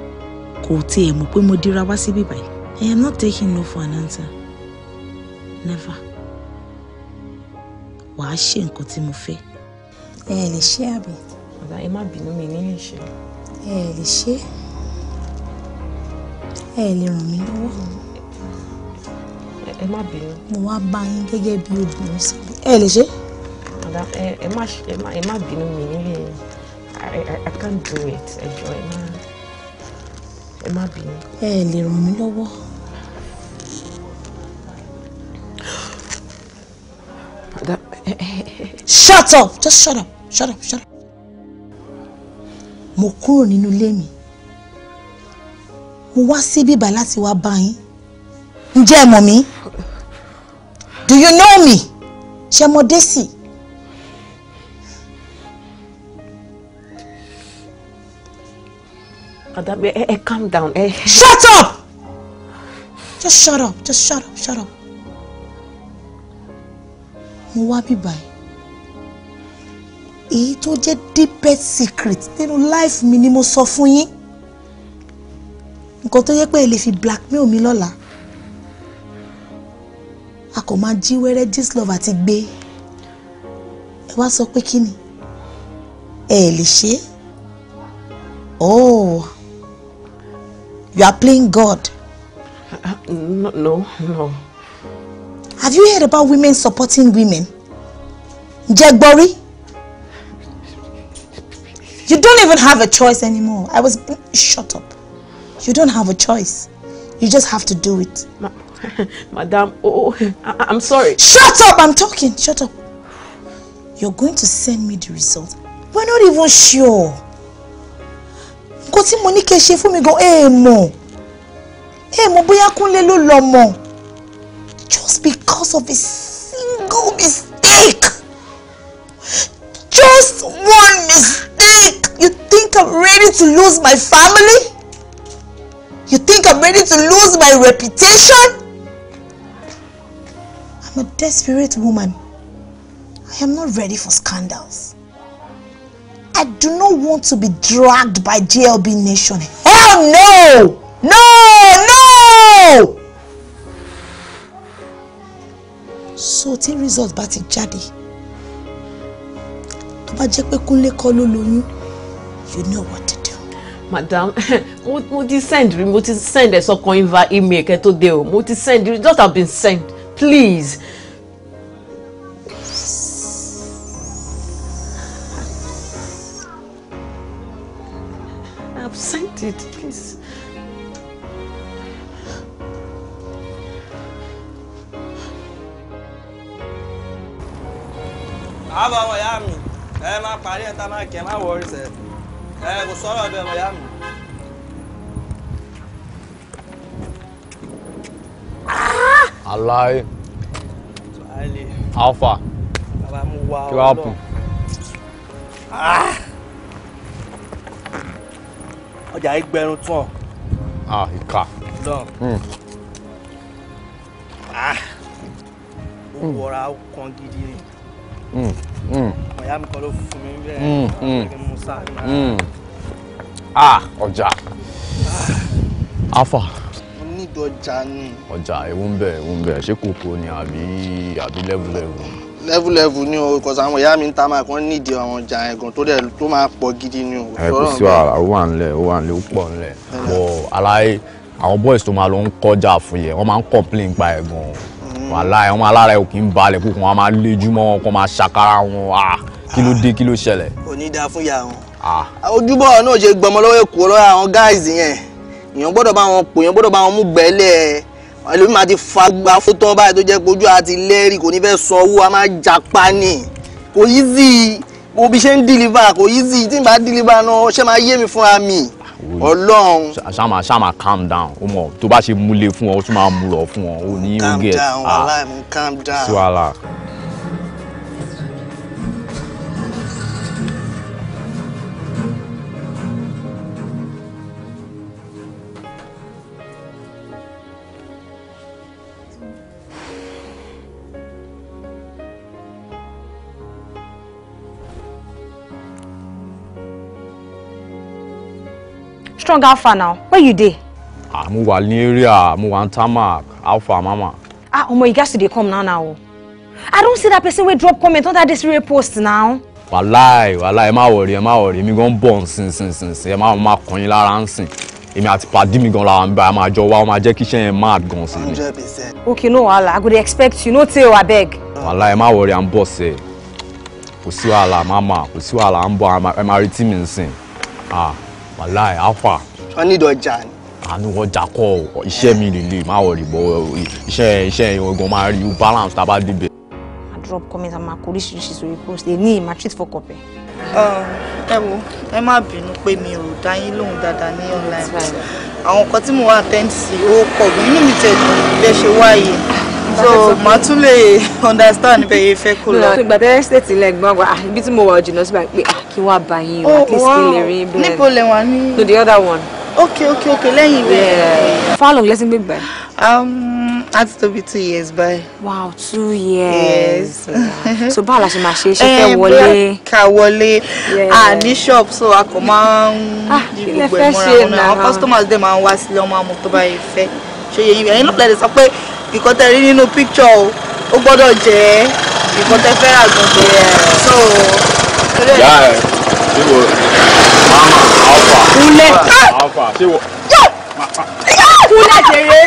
kò tiẹ̀ mọ̀ pé mo dira wá síbí báyìí I am not taking no for an answer never wàá ṣe nǹkan tí mo fẹ́. ẹ ẹ lè ṣe àbí. ọ̀la ẹ má bínú mi nínú ìṣe. ẹ ẹ lè ṣe ẹ ẹ lè ràn mí lọ́wọ́. ẹ má bínú. mo wá bá yín gẹ́gẹ́ bí obìnrin sí i. ẹ lè ṣe. ọ̀la ẹ má bínú mi nílé I, I, I can't do it ẹ jọ̀ọ́ ẹ má ẹ má bínú. ẹ lè ràn mí lọ́wọ́. shut up just shut up shut up shut up. mo kúrò nínú ilé mi mo wá sí bíbá láti wá bá yín ǹjẹ́ ẹ mọ̀ mí do you know me ṣe mo dé sí i. madam ẹ eh, ẹ eh, eh, calm down ẹ. shut up just shut up just shut up shut up mo wá bí báyìí èyí tó jẹ́ deepest secret nínú life mi ni mo sọ fún yín nǹkan tó yẹ pé ẹ lè fi blackmail mi lọ́la a kò máa jí wẹ́rẹ́ Gistlover ti gbé ẹ wá sọ pé kí ni ẹ lè ṣe oh. You are playing God. Uh, no, no, Have you heard about women supporting women? Jagbori? You don't even have a choice anymore. I was... Shut up. You don't have a choice. You just have to do it. Ma [laughs] Madam, oh, oh I I'm sorry. Shut up! I'm talking. Shut up. You're going to send me the result. We're not even sure. nǹkan tí mo ní kí ẹ ṣe fún mi gan ẹ mọ̀ ẹ mọ̀ bóyá Kúnlé ló lọ mọ̀ just because of a single mistake just one mistake you think I'm ready to lose my family you think I'm ready to lose my reputation I'm a desperate woman I am not ready for scandals. I do not want to be dragged by JLB Nation. Hell no! No! No! So tí result bá ti jáde tó bá jẹ́ pé Kúnlé kọ́ ló lóyún you know what to do. Madam, [laughs] mo ti send mo ti send ẹ̀ sọ́kàn inva email kẹ́ tó dé o mo ti send result have been sent please kẹ má wọrí sẹ ẹ kò sọ̀rọ̀ bẹ́ẹ̀ ọ̀yá mi. alaye alfa kí wàá pùn. Ah! ọjà ìgbẹ̀rún tán. ah ìka. Hmm. Ah! ó wọra kan gidi ni. Hmm, hmm ìyá mi kan ló fún mi bẹ́ẹ̀ ẹgbẹ́ musa ní hmm. ara. Ah, ọjà afa. mo ní ìdọ̀ ọjà ni. ọjà ewu ń bẹ ewu ń bẹ ṣé kòkó ni àbí àbí lẹ́bùlẹ́bù. lẹ́bùlẹ́bù ni o kọ̀sán àwọn ìyá mi ń ta máa kàn nídìí àwọn ọjà ẹ̀gàn tó dẹ̀ tó máa pọ̀ gidi ni o. ẹ kò sí wàhálà ó wà nílẹ̀ ó wà nílẹ̀ ó pọ̀ nílẹ̀ bọ̀ aláì àwọn boys tó máa lọ ń kọjá fún yẹ wọ́n máa ń complain pa ẹ̀ gan-an hmm. wàhálà ẹ̀ wọ́n alára ẹ̀ kì í balẹ̀ kókò wọn máa léjú wọn kó máa ṣàkárà wọn ah kí ló dé kí ló ṣẹlẹ̀. kò ní dáa fún ìyá wọn. ojúbọ náà ṣe gbọmọ lọ́wọ́ èkó lọ́wọ́ àwọn gáàsì yẹn èèyàn gbọ́dọ̀ bá wọn pò èèyàn gbọ́dọ̀ bá wọn mú gbẹ́lẹ̀ ẹ̀ ẹlòmíì máa ti fa afótán báyìí tó jẹ́ pé ojú àti lẹ́rì kò ní fẹ́ sọ owó a máa japa ni kò yí sí mo bí ṣe ń dìlíbà kò yí sí tí n bá dìlíbà náà ṣé máa yé mi fúnra mi ọlọ́run. ṣáàmà ṣáàmà calm down ó mọ tó bá ṣe múlé fún ọ ó tún máa múlọ fún ọ ó ní oge ẹ ah sí wàhálà. strong alpha now where you dey. ah mo wà ní area mo wà tarmac alpha mama. ah omo you guys to dey come now now i don't see that person wey drop comment under this real post now. wàláì wàláì ẹ má wọrí ẹ má wọrí mi gan bọ̀ nsìn sìn sìn sìn ẹ má má kàn yín lára ń sìn èmi àti pàdé mi gan làwọn bá a máa jọ wá ọ máa jẹ́ kí iṣẹ́ yẹn mad gan sí mi. okay no wahala i go dey expect you no tey o abeg. wàláì ẹ má wọrí à ń bọ̀ sẹ́ kò sí wàhálà mama kò sí wàhálà à ń bọ̀ ẹ má mi ń wàláì alpha. wọ́n ní ìdọ̀jà ni. àánú ọjà kọ iṣẹ́ mi lè lè má wọlé bọ́ uh, iṣẹ́ iṣẹ́ ọgbọ́n máa rí balance tá a bá débẹ̀. a drop comment àmà kò oríṣiríṣi sórí post èyí ní ìmà treat for copy. ẹ wo ẹ má bínú pé mi ò dá yín lóhùn dáadáa ní online àwọn nǹkan tí mo wá attend sí ó kọ̀ gbìn inú mi tẹ̀ dùn wáyé so màá tún lè understand bẹ́ẹ̀ yẹn fẹ́ kó lọ. ìgbà tẹ́lẹ̀ ṣe ti lẹ̀ gbọ́n gba ibi tí mo wà jìnnà síbà pé ah, kí wọ́n bá yín o oh, kí sì lè rí bẹ́ẹ̀. níbo lè wà ní. to the other one. Okay, okay, okay. lẹ́yìn bẹ́ẹ̀. for how long lẹ́sìn gbé gbà. Um, ti to be two years báyìí. wow two years. [laughs] so báwo la ṣe máa ṣe ṣe fẹ́ eh, wọlé. ká wọlé a ní shop so a kò máa ń di ah, gbogbo ẹ̀ mọ́ra wọn náà àwọn customers dẹ̀ máa ń wá sílé ọmọ àmọ́ tó bá yẹ fẹ́ ṣe yẹn yẹn lọ́pọ̀ lẹ́dẹ̀ nǹkan tẹ́ rí nínú picture o ó gbọ́dọ̀ jẹ́ nǹkan tẹ́ fẹ́ rà gan pé ẹ̀ so. ìyá ẹ ṣé wo mama alfa kúnlẹ̀ alfa ṣé wo kúnlẹ̀ jẹrẹ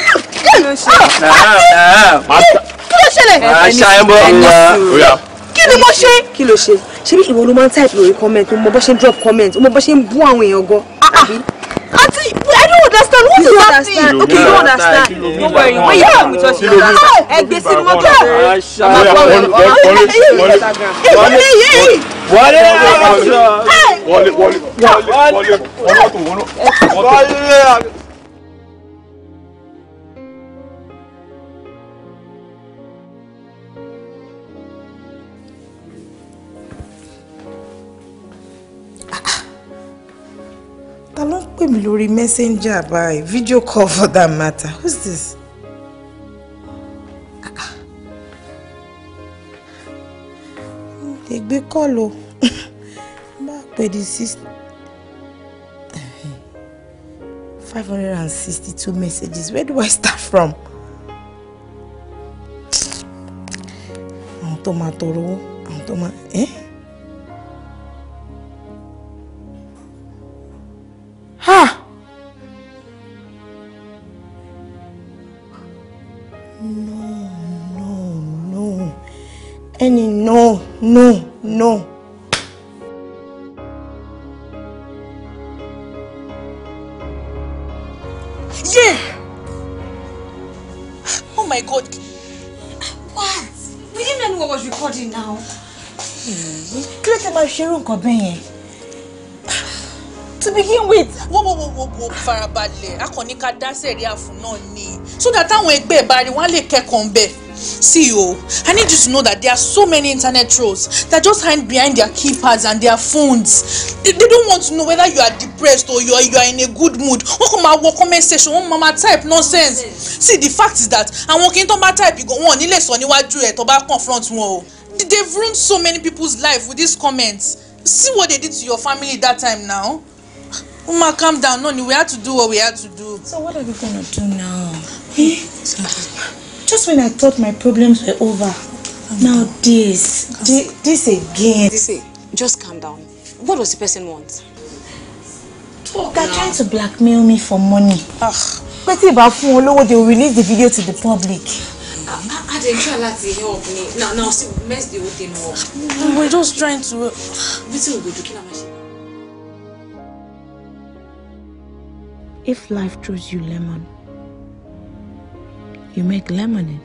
kí ló ṣẹlẹ̀ ah! eh, eh, eh, kí ni mo ṣe. kí ló ṣe ṣebí ìwọ ló máa ń type lórí comment o mọ bó ṣe ń drop comment o mọ bó ṣe ń bú àwọn èèyàn gan. Ah, ah. Auntie, I don't understand. What you is happening? Okay, you don't understand. Don't worry. When you come with us, you understand. Ẹgbẹ́ sí ni mo kẹ́. Ìwọlé yìí. Wọlé aṣọ. Wọlé wọlé wọlé wọlé wọlé wọlé. pè mí lórí messenger by video call for that matter who's this. lè gbé kọ́ọ̀lù bá [laughs] pè di six five hundred and sixty-two messages where do I start from? àwọn tó máa tọrọ àwọn tó máa. Eh? Ha! No, no, no. Any no, no, no. Yeah! Oh my God! What? We didn't know what was recording now. Hmm. Kí ló ṣe máa ṣerú nǹkan bẹ́ẹ̀ yẹn? farabalẹ̀ akọni ká dá sẹ̀ríà fún náà ni so that táwọn ẹgbẹ́ ìbáraẹni wọn á lè kẹ́kọ̀ọ́ bẹ́ẹ̀ CEO, I need you to know that there are so many internet trolls that just hide behind their keypads and their phones. They, they don't want to know whether you are depressed or you are, you are in a good mood. Wọ́n kàn máa wọ comment section, wọ́n máa type nonsense. See, the fact is that àwọn kì í tán bá type ìgò wọn ò ní lè sọ níwájú ẹ̀ tó bá confront wọn o. They've ruined so many people's life with these comments. See what they did to your family that time now. Uma, calm down. No, we had to do what we had to do. So what are we gonna do now? Eh? Just when I thought my problems were over. Calm now down. this, this, again. This, just calm down. What does the person want? Talk They're now. trying to blackmail me for money. Ugh. Ah. But if I phone lower, they will release the video to the public. I, didn't try to help me. Now, now, see, mess the whole thing up. We're just trying to. This will looking at my If life throws you lemon, you make lemonade.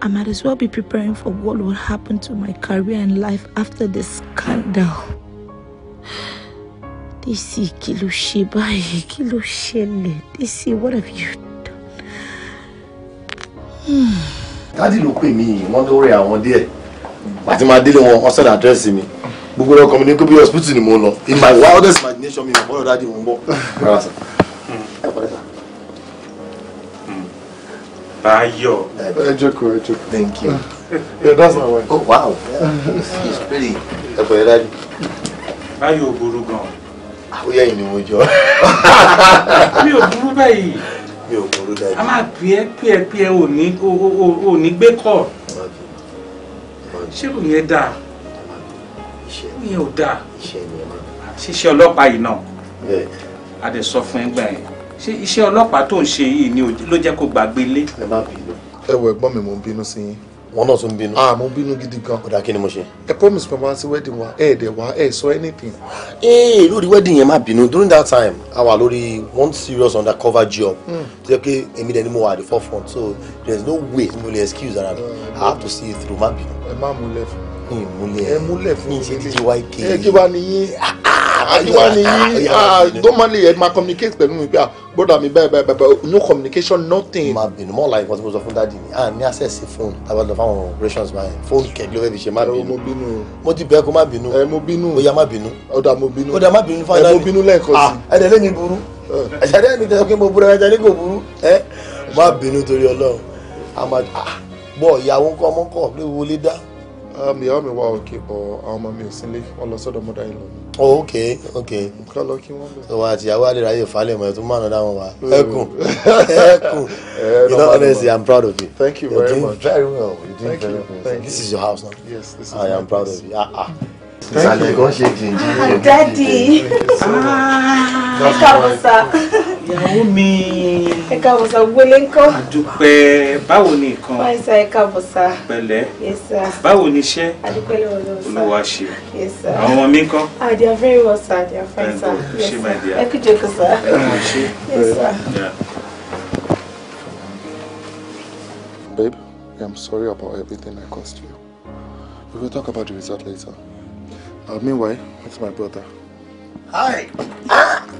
I might as well be preparing for what will happen to my career and life after this scandal. Disi, kí ló ṣe báyìí, kí ló ṣẹlẹ̀, what have you done? Hmm. Dádì ló pè mí, wọ́n lórí àwọn díẹ̀. Àti máa délé wọn, wọ́n sọ̀rọ̀ àdírẹ́sì mi gbogbo ọkọ mi ní kóbi hospital ni mo lọ in my wildest imagination mi ìmọ̀ ọ̀rọ̀ dáàdi mo ń bọ̀. Hmm. Ayo. ẹ jókòó ẹ jókòó. thank you. yeah, that's my wife. oh wow she's pretty. ẹ fọ ẹ dáàdi. báyọ̀ ò burú gan. àwòyẹ yìí ni mo jọ. mi ò burú báyìí. mi ò burú dáàdi. a máa pè é pè é pé ò ní gbé kọ́. ṣé kò yẹ dáa iṣẹ́ ni ò dáa iṣẹ́ ni ẹ máa ṣe iṣẹ́ ọlọ́pàá yìí náà a dẹ̀ sọ fún ẹgbẹ́ yẹn ṣé iṣẹ́ ọlọ́pàá tó ń ṣe yìí ni ló jẹ́ kó gbàgbé ilé. ẹ má bínú. ẹ wọ ẹ̀gbọ́n mi mò ń bínú sí yín. wọn náà tún ń bínú. ah mò ń bínú gidi gan. ọ̀dà kí ni mo ṣe. ẹ promise pé màá sí wedding wa ẹ dẹ̀ wá ẹ sọ anything. ee eh, lórí wedding yẹn má bínú during that time a wà lórí one serious undercover job hmm. tó yẹ pé èmi dẹni mo wà at the forefront so there is no way mo lè excuse ara hmm. i have to see it through má bínú. ẹ má múlẹ̀ fún ìmúlẹ̀ ẹmúlẹ̀ fún mi ṣe díje wá ike. ẹ kí wàá nìyí ah, kí wàá nìyí normally ẹ máa communicate pẹ̀lú mi pé ah, broda mi bẹ́ẹ̀ bẹ́ẹ̀ bẹ́ẹ̀ no communication nothing. máa bínú mọ́ ọ̀la ìfọ̀tí mo sọ fún dáàdi mi ah ní access sí fóònù tàbí àti fáwọn operations máa yẹn fóònù kẹ̀kẹ́ fẹ́ fi ṣe má bínú mo ti bẹ́ẹ̀ kó má bínú ẹ mo bínú ó yá má bínú ó dà mo bínú ó dà má bínú fún adáàbí ẹ mo bínú lẹ́ẹ̀kan ah, sí. ẹ dẹ̀ lẹ́ni burú eh. ẹ ṣàdé ẹni tẹ̀sán pé mo burú ẹ ṣàdé kò burú ẹ má bínú torí Ọlọ́run bọ̀ ìyàwó nǹkan ọmọ kọ̀ lè wọlé dá Um, ìyá mi wá òkè bọ̀ àwọn ọmọ mi ò sílé wọ́n lọ sọ́dọ̀ mọ́dá ìlú mi. Oh, ok ok nǹkan lọ kí wọ́n bẹ̀. ìwà àtìyàwó àlèrè ayé ìfàlẹ̀ mọ̀ ẹ̀ tó máa nà dáhùn ẹkùn ẹkùn you know honestly i'm proud of you. thank you very much you did very well you did very well this is your house now. yes this is my place i am proud of you. ah. ah ìsàlẹ̀ kan ṣe jìnjìn yìí. dádì ẹ káàbọ̀ sá. ìyàwó mi. ẹ káàbọ̀ sá gbélé ńkọ́. àdúpẹ́ báwo ni nǹkan. báyìí sá ẹ káàbọ̀ pẹ̀lẹ́ báwo ni iṣẹ́. àdúpẹ́ lọ́wọ́ ṣe. àwọn ọmọ mi ńkọ́. ah they are very well sir they are fine sir. ṣé my dear. ẹ kú jókòó sá. ẹ kú ṣe. Babe, I'm sorry about everything I caused you. We will talk about the result later. Uh, meanwhile, it's my brother. Hi.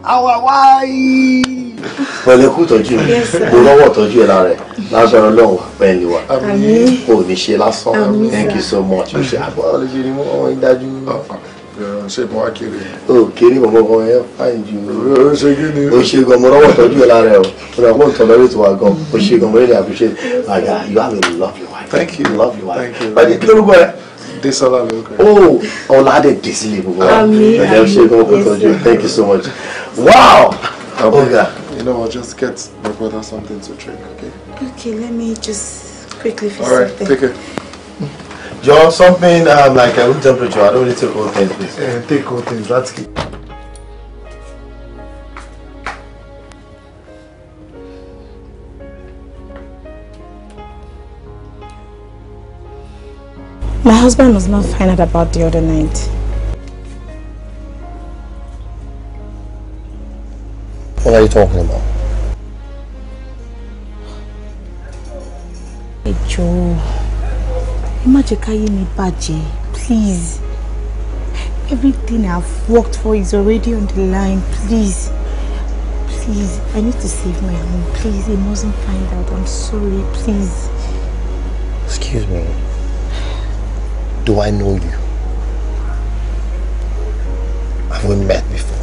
our wife. Well, who told you? mo lọ́wọ́ you, ẹ̀ lára ẹ̀, lágbára ọlọ́run pẹ̀lú wa. Kò ní Thank you so much. Mo ṣe àbọ̀. Báwo lè ṣe ni mo ọmọ yín dájú? Ah, ah. Uh, ṣé mo wá kiri? O kiri mọ̀mọ́ kan ẹ̀ fáyìn ju. Oh, ṣe kí ni? O ṣe gan, mo lọ́wọ́ tọ́jú ẹ̀ lára ẹ̀ o. Mo rà pọ̀ tọ́lọ́ ètò wa gan. O ṣe gan, mo really appreciate. you have a lovely wife. Thank you. Lovely wife. Thank you. Bàjẹ́ kí lórúkọ ẹ̀? dé oh all dẹ̀ dé sílé gbogbo wa thank you so much wow ọ̀gá. you know I'll just get my brother something to drink okay. okay let me just quickly fix something. all right take care. John, something um, like a room temperature. I don't need to take things, please. Yeah, take cold things. That's key. My husband was not find out about the other night. What are you talking about? Ẹ jọ̀ọ́, ẹ má jẹ́ káyé please. Everything I've worked for is already on the line, please. Please, I need to save my home, please. He mustn't find out, I'm sorry, please. Excuse me. do I know you? Have we met before?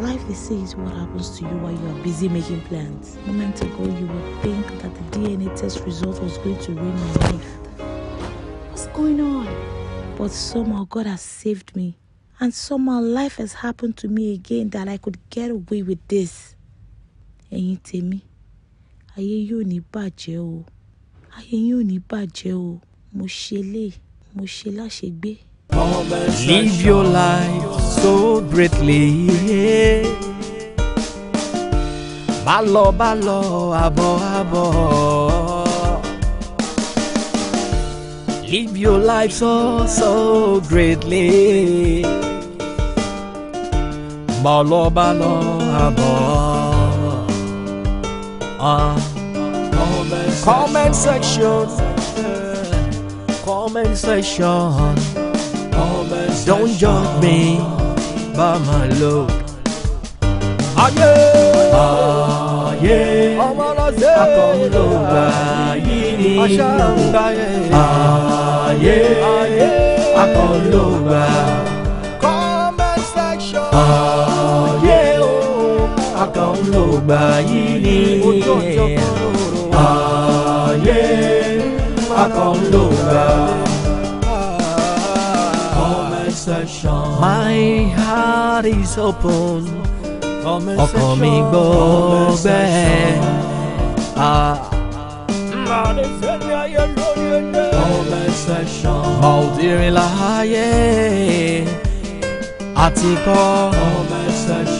Life is what happens to you while you are busy making plans. A moment ago, you would think that the DNA test result was going to ruin my life. What's going on? But somehow God has saved me. And somehow life has happened to me again that I could get away with this. And you tell me. ayé yóò ní bàjẹ́ o. Ayé yóò ní bàjẹ́ o. Mo ṣe léè, mo ṣe láṣegbé. Live your life so greatly. Bá lọ bá lọ àbọ̀ àbọ̀. Live your life so so greatly. Bá lọ bá lọ àbọ̀. are comment section. Comment section. Don't judge me by my look. Ayé ayé akọ̀ǹdọ̀gbà yìí ni ayé ayé akọ̀ǹdọ̀gbà. Comment section. gbà yìí ni ayé akọ̀ǹdọ̀gbà. My heart is open. Ọkàn mi gbọ́ bẹ́ẹ̀. Ọ̀dìrìnláyé àti kọ́.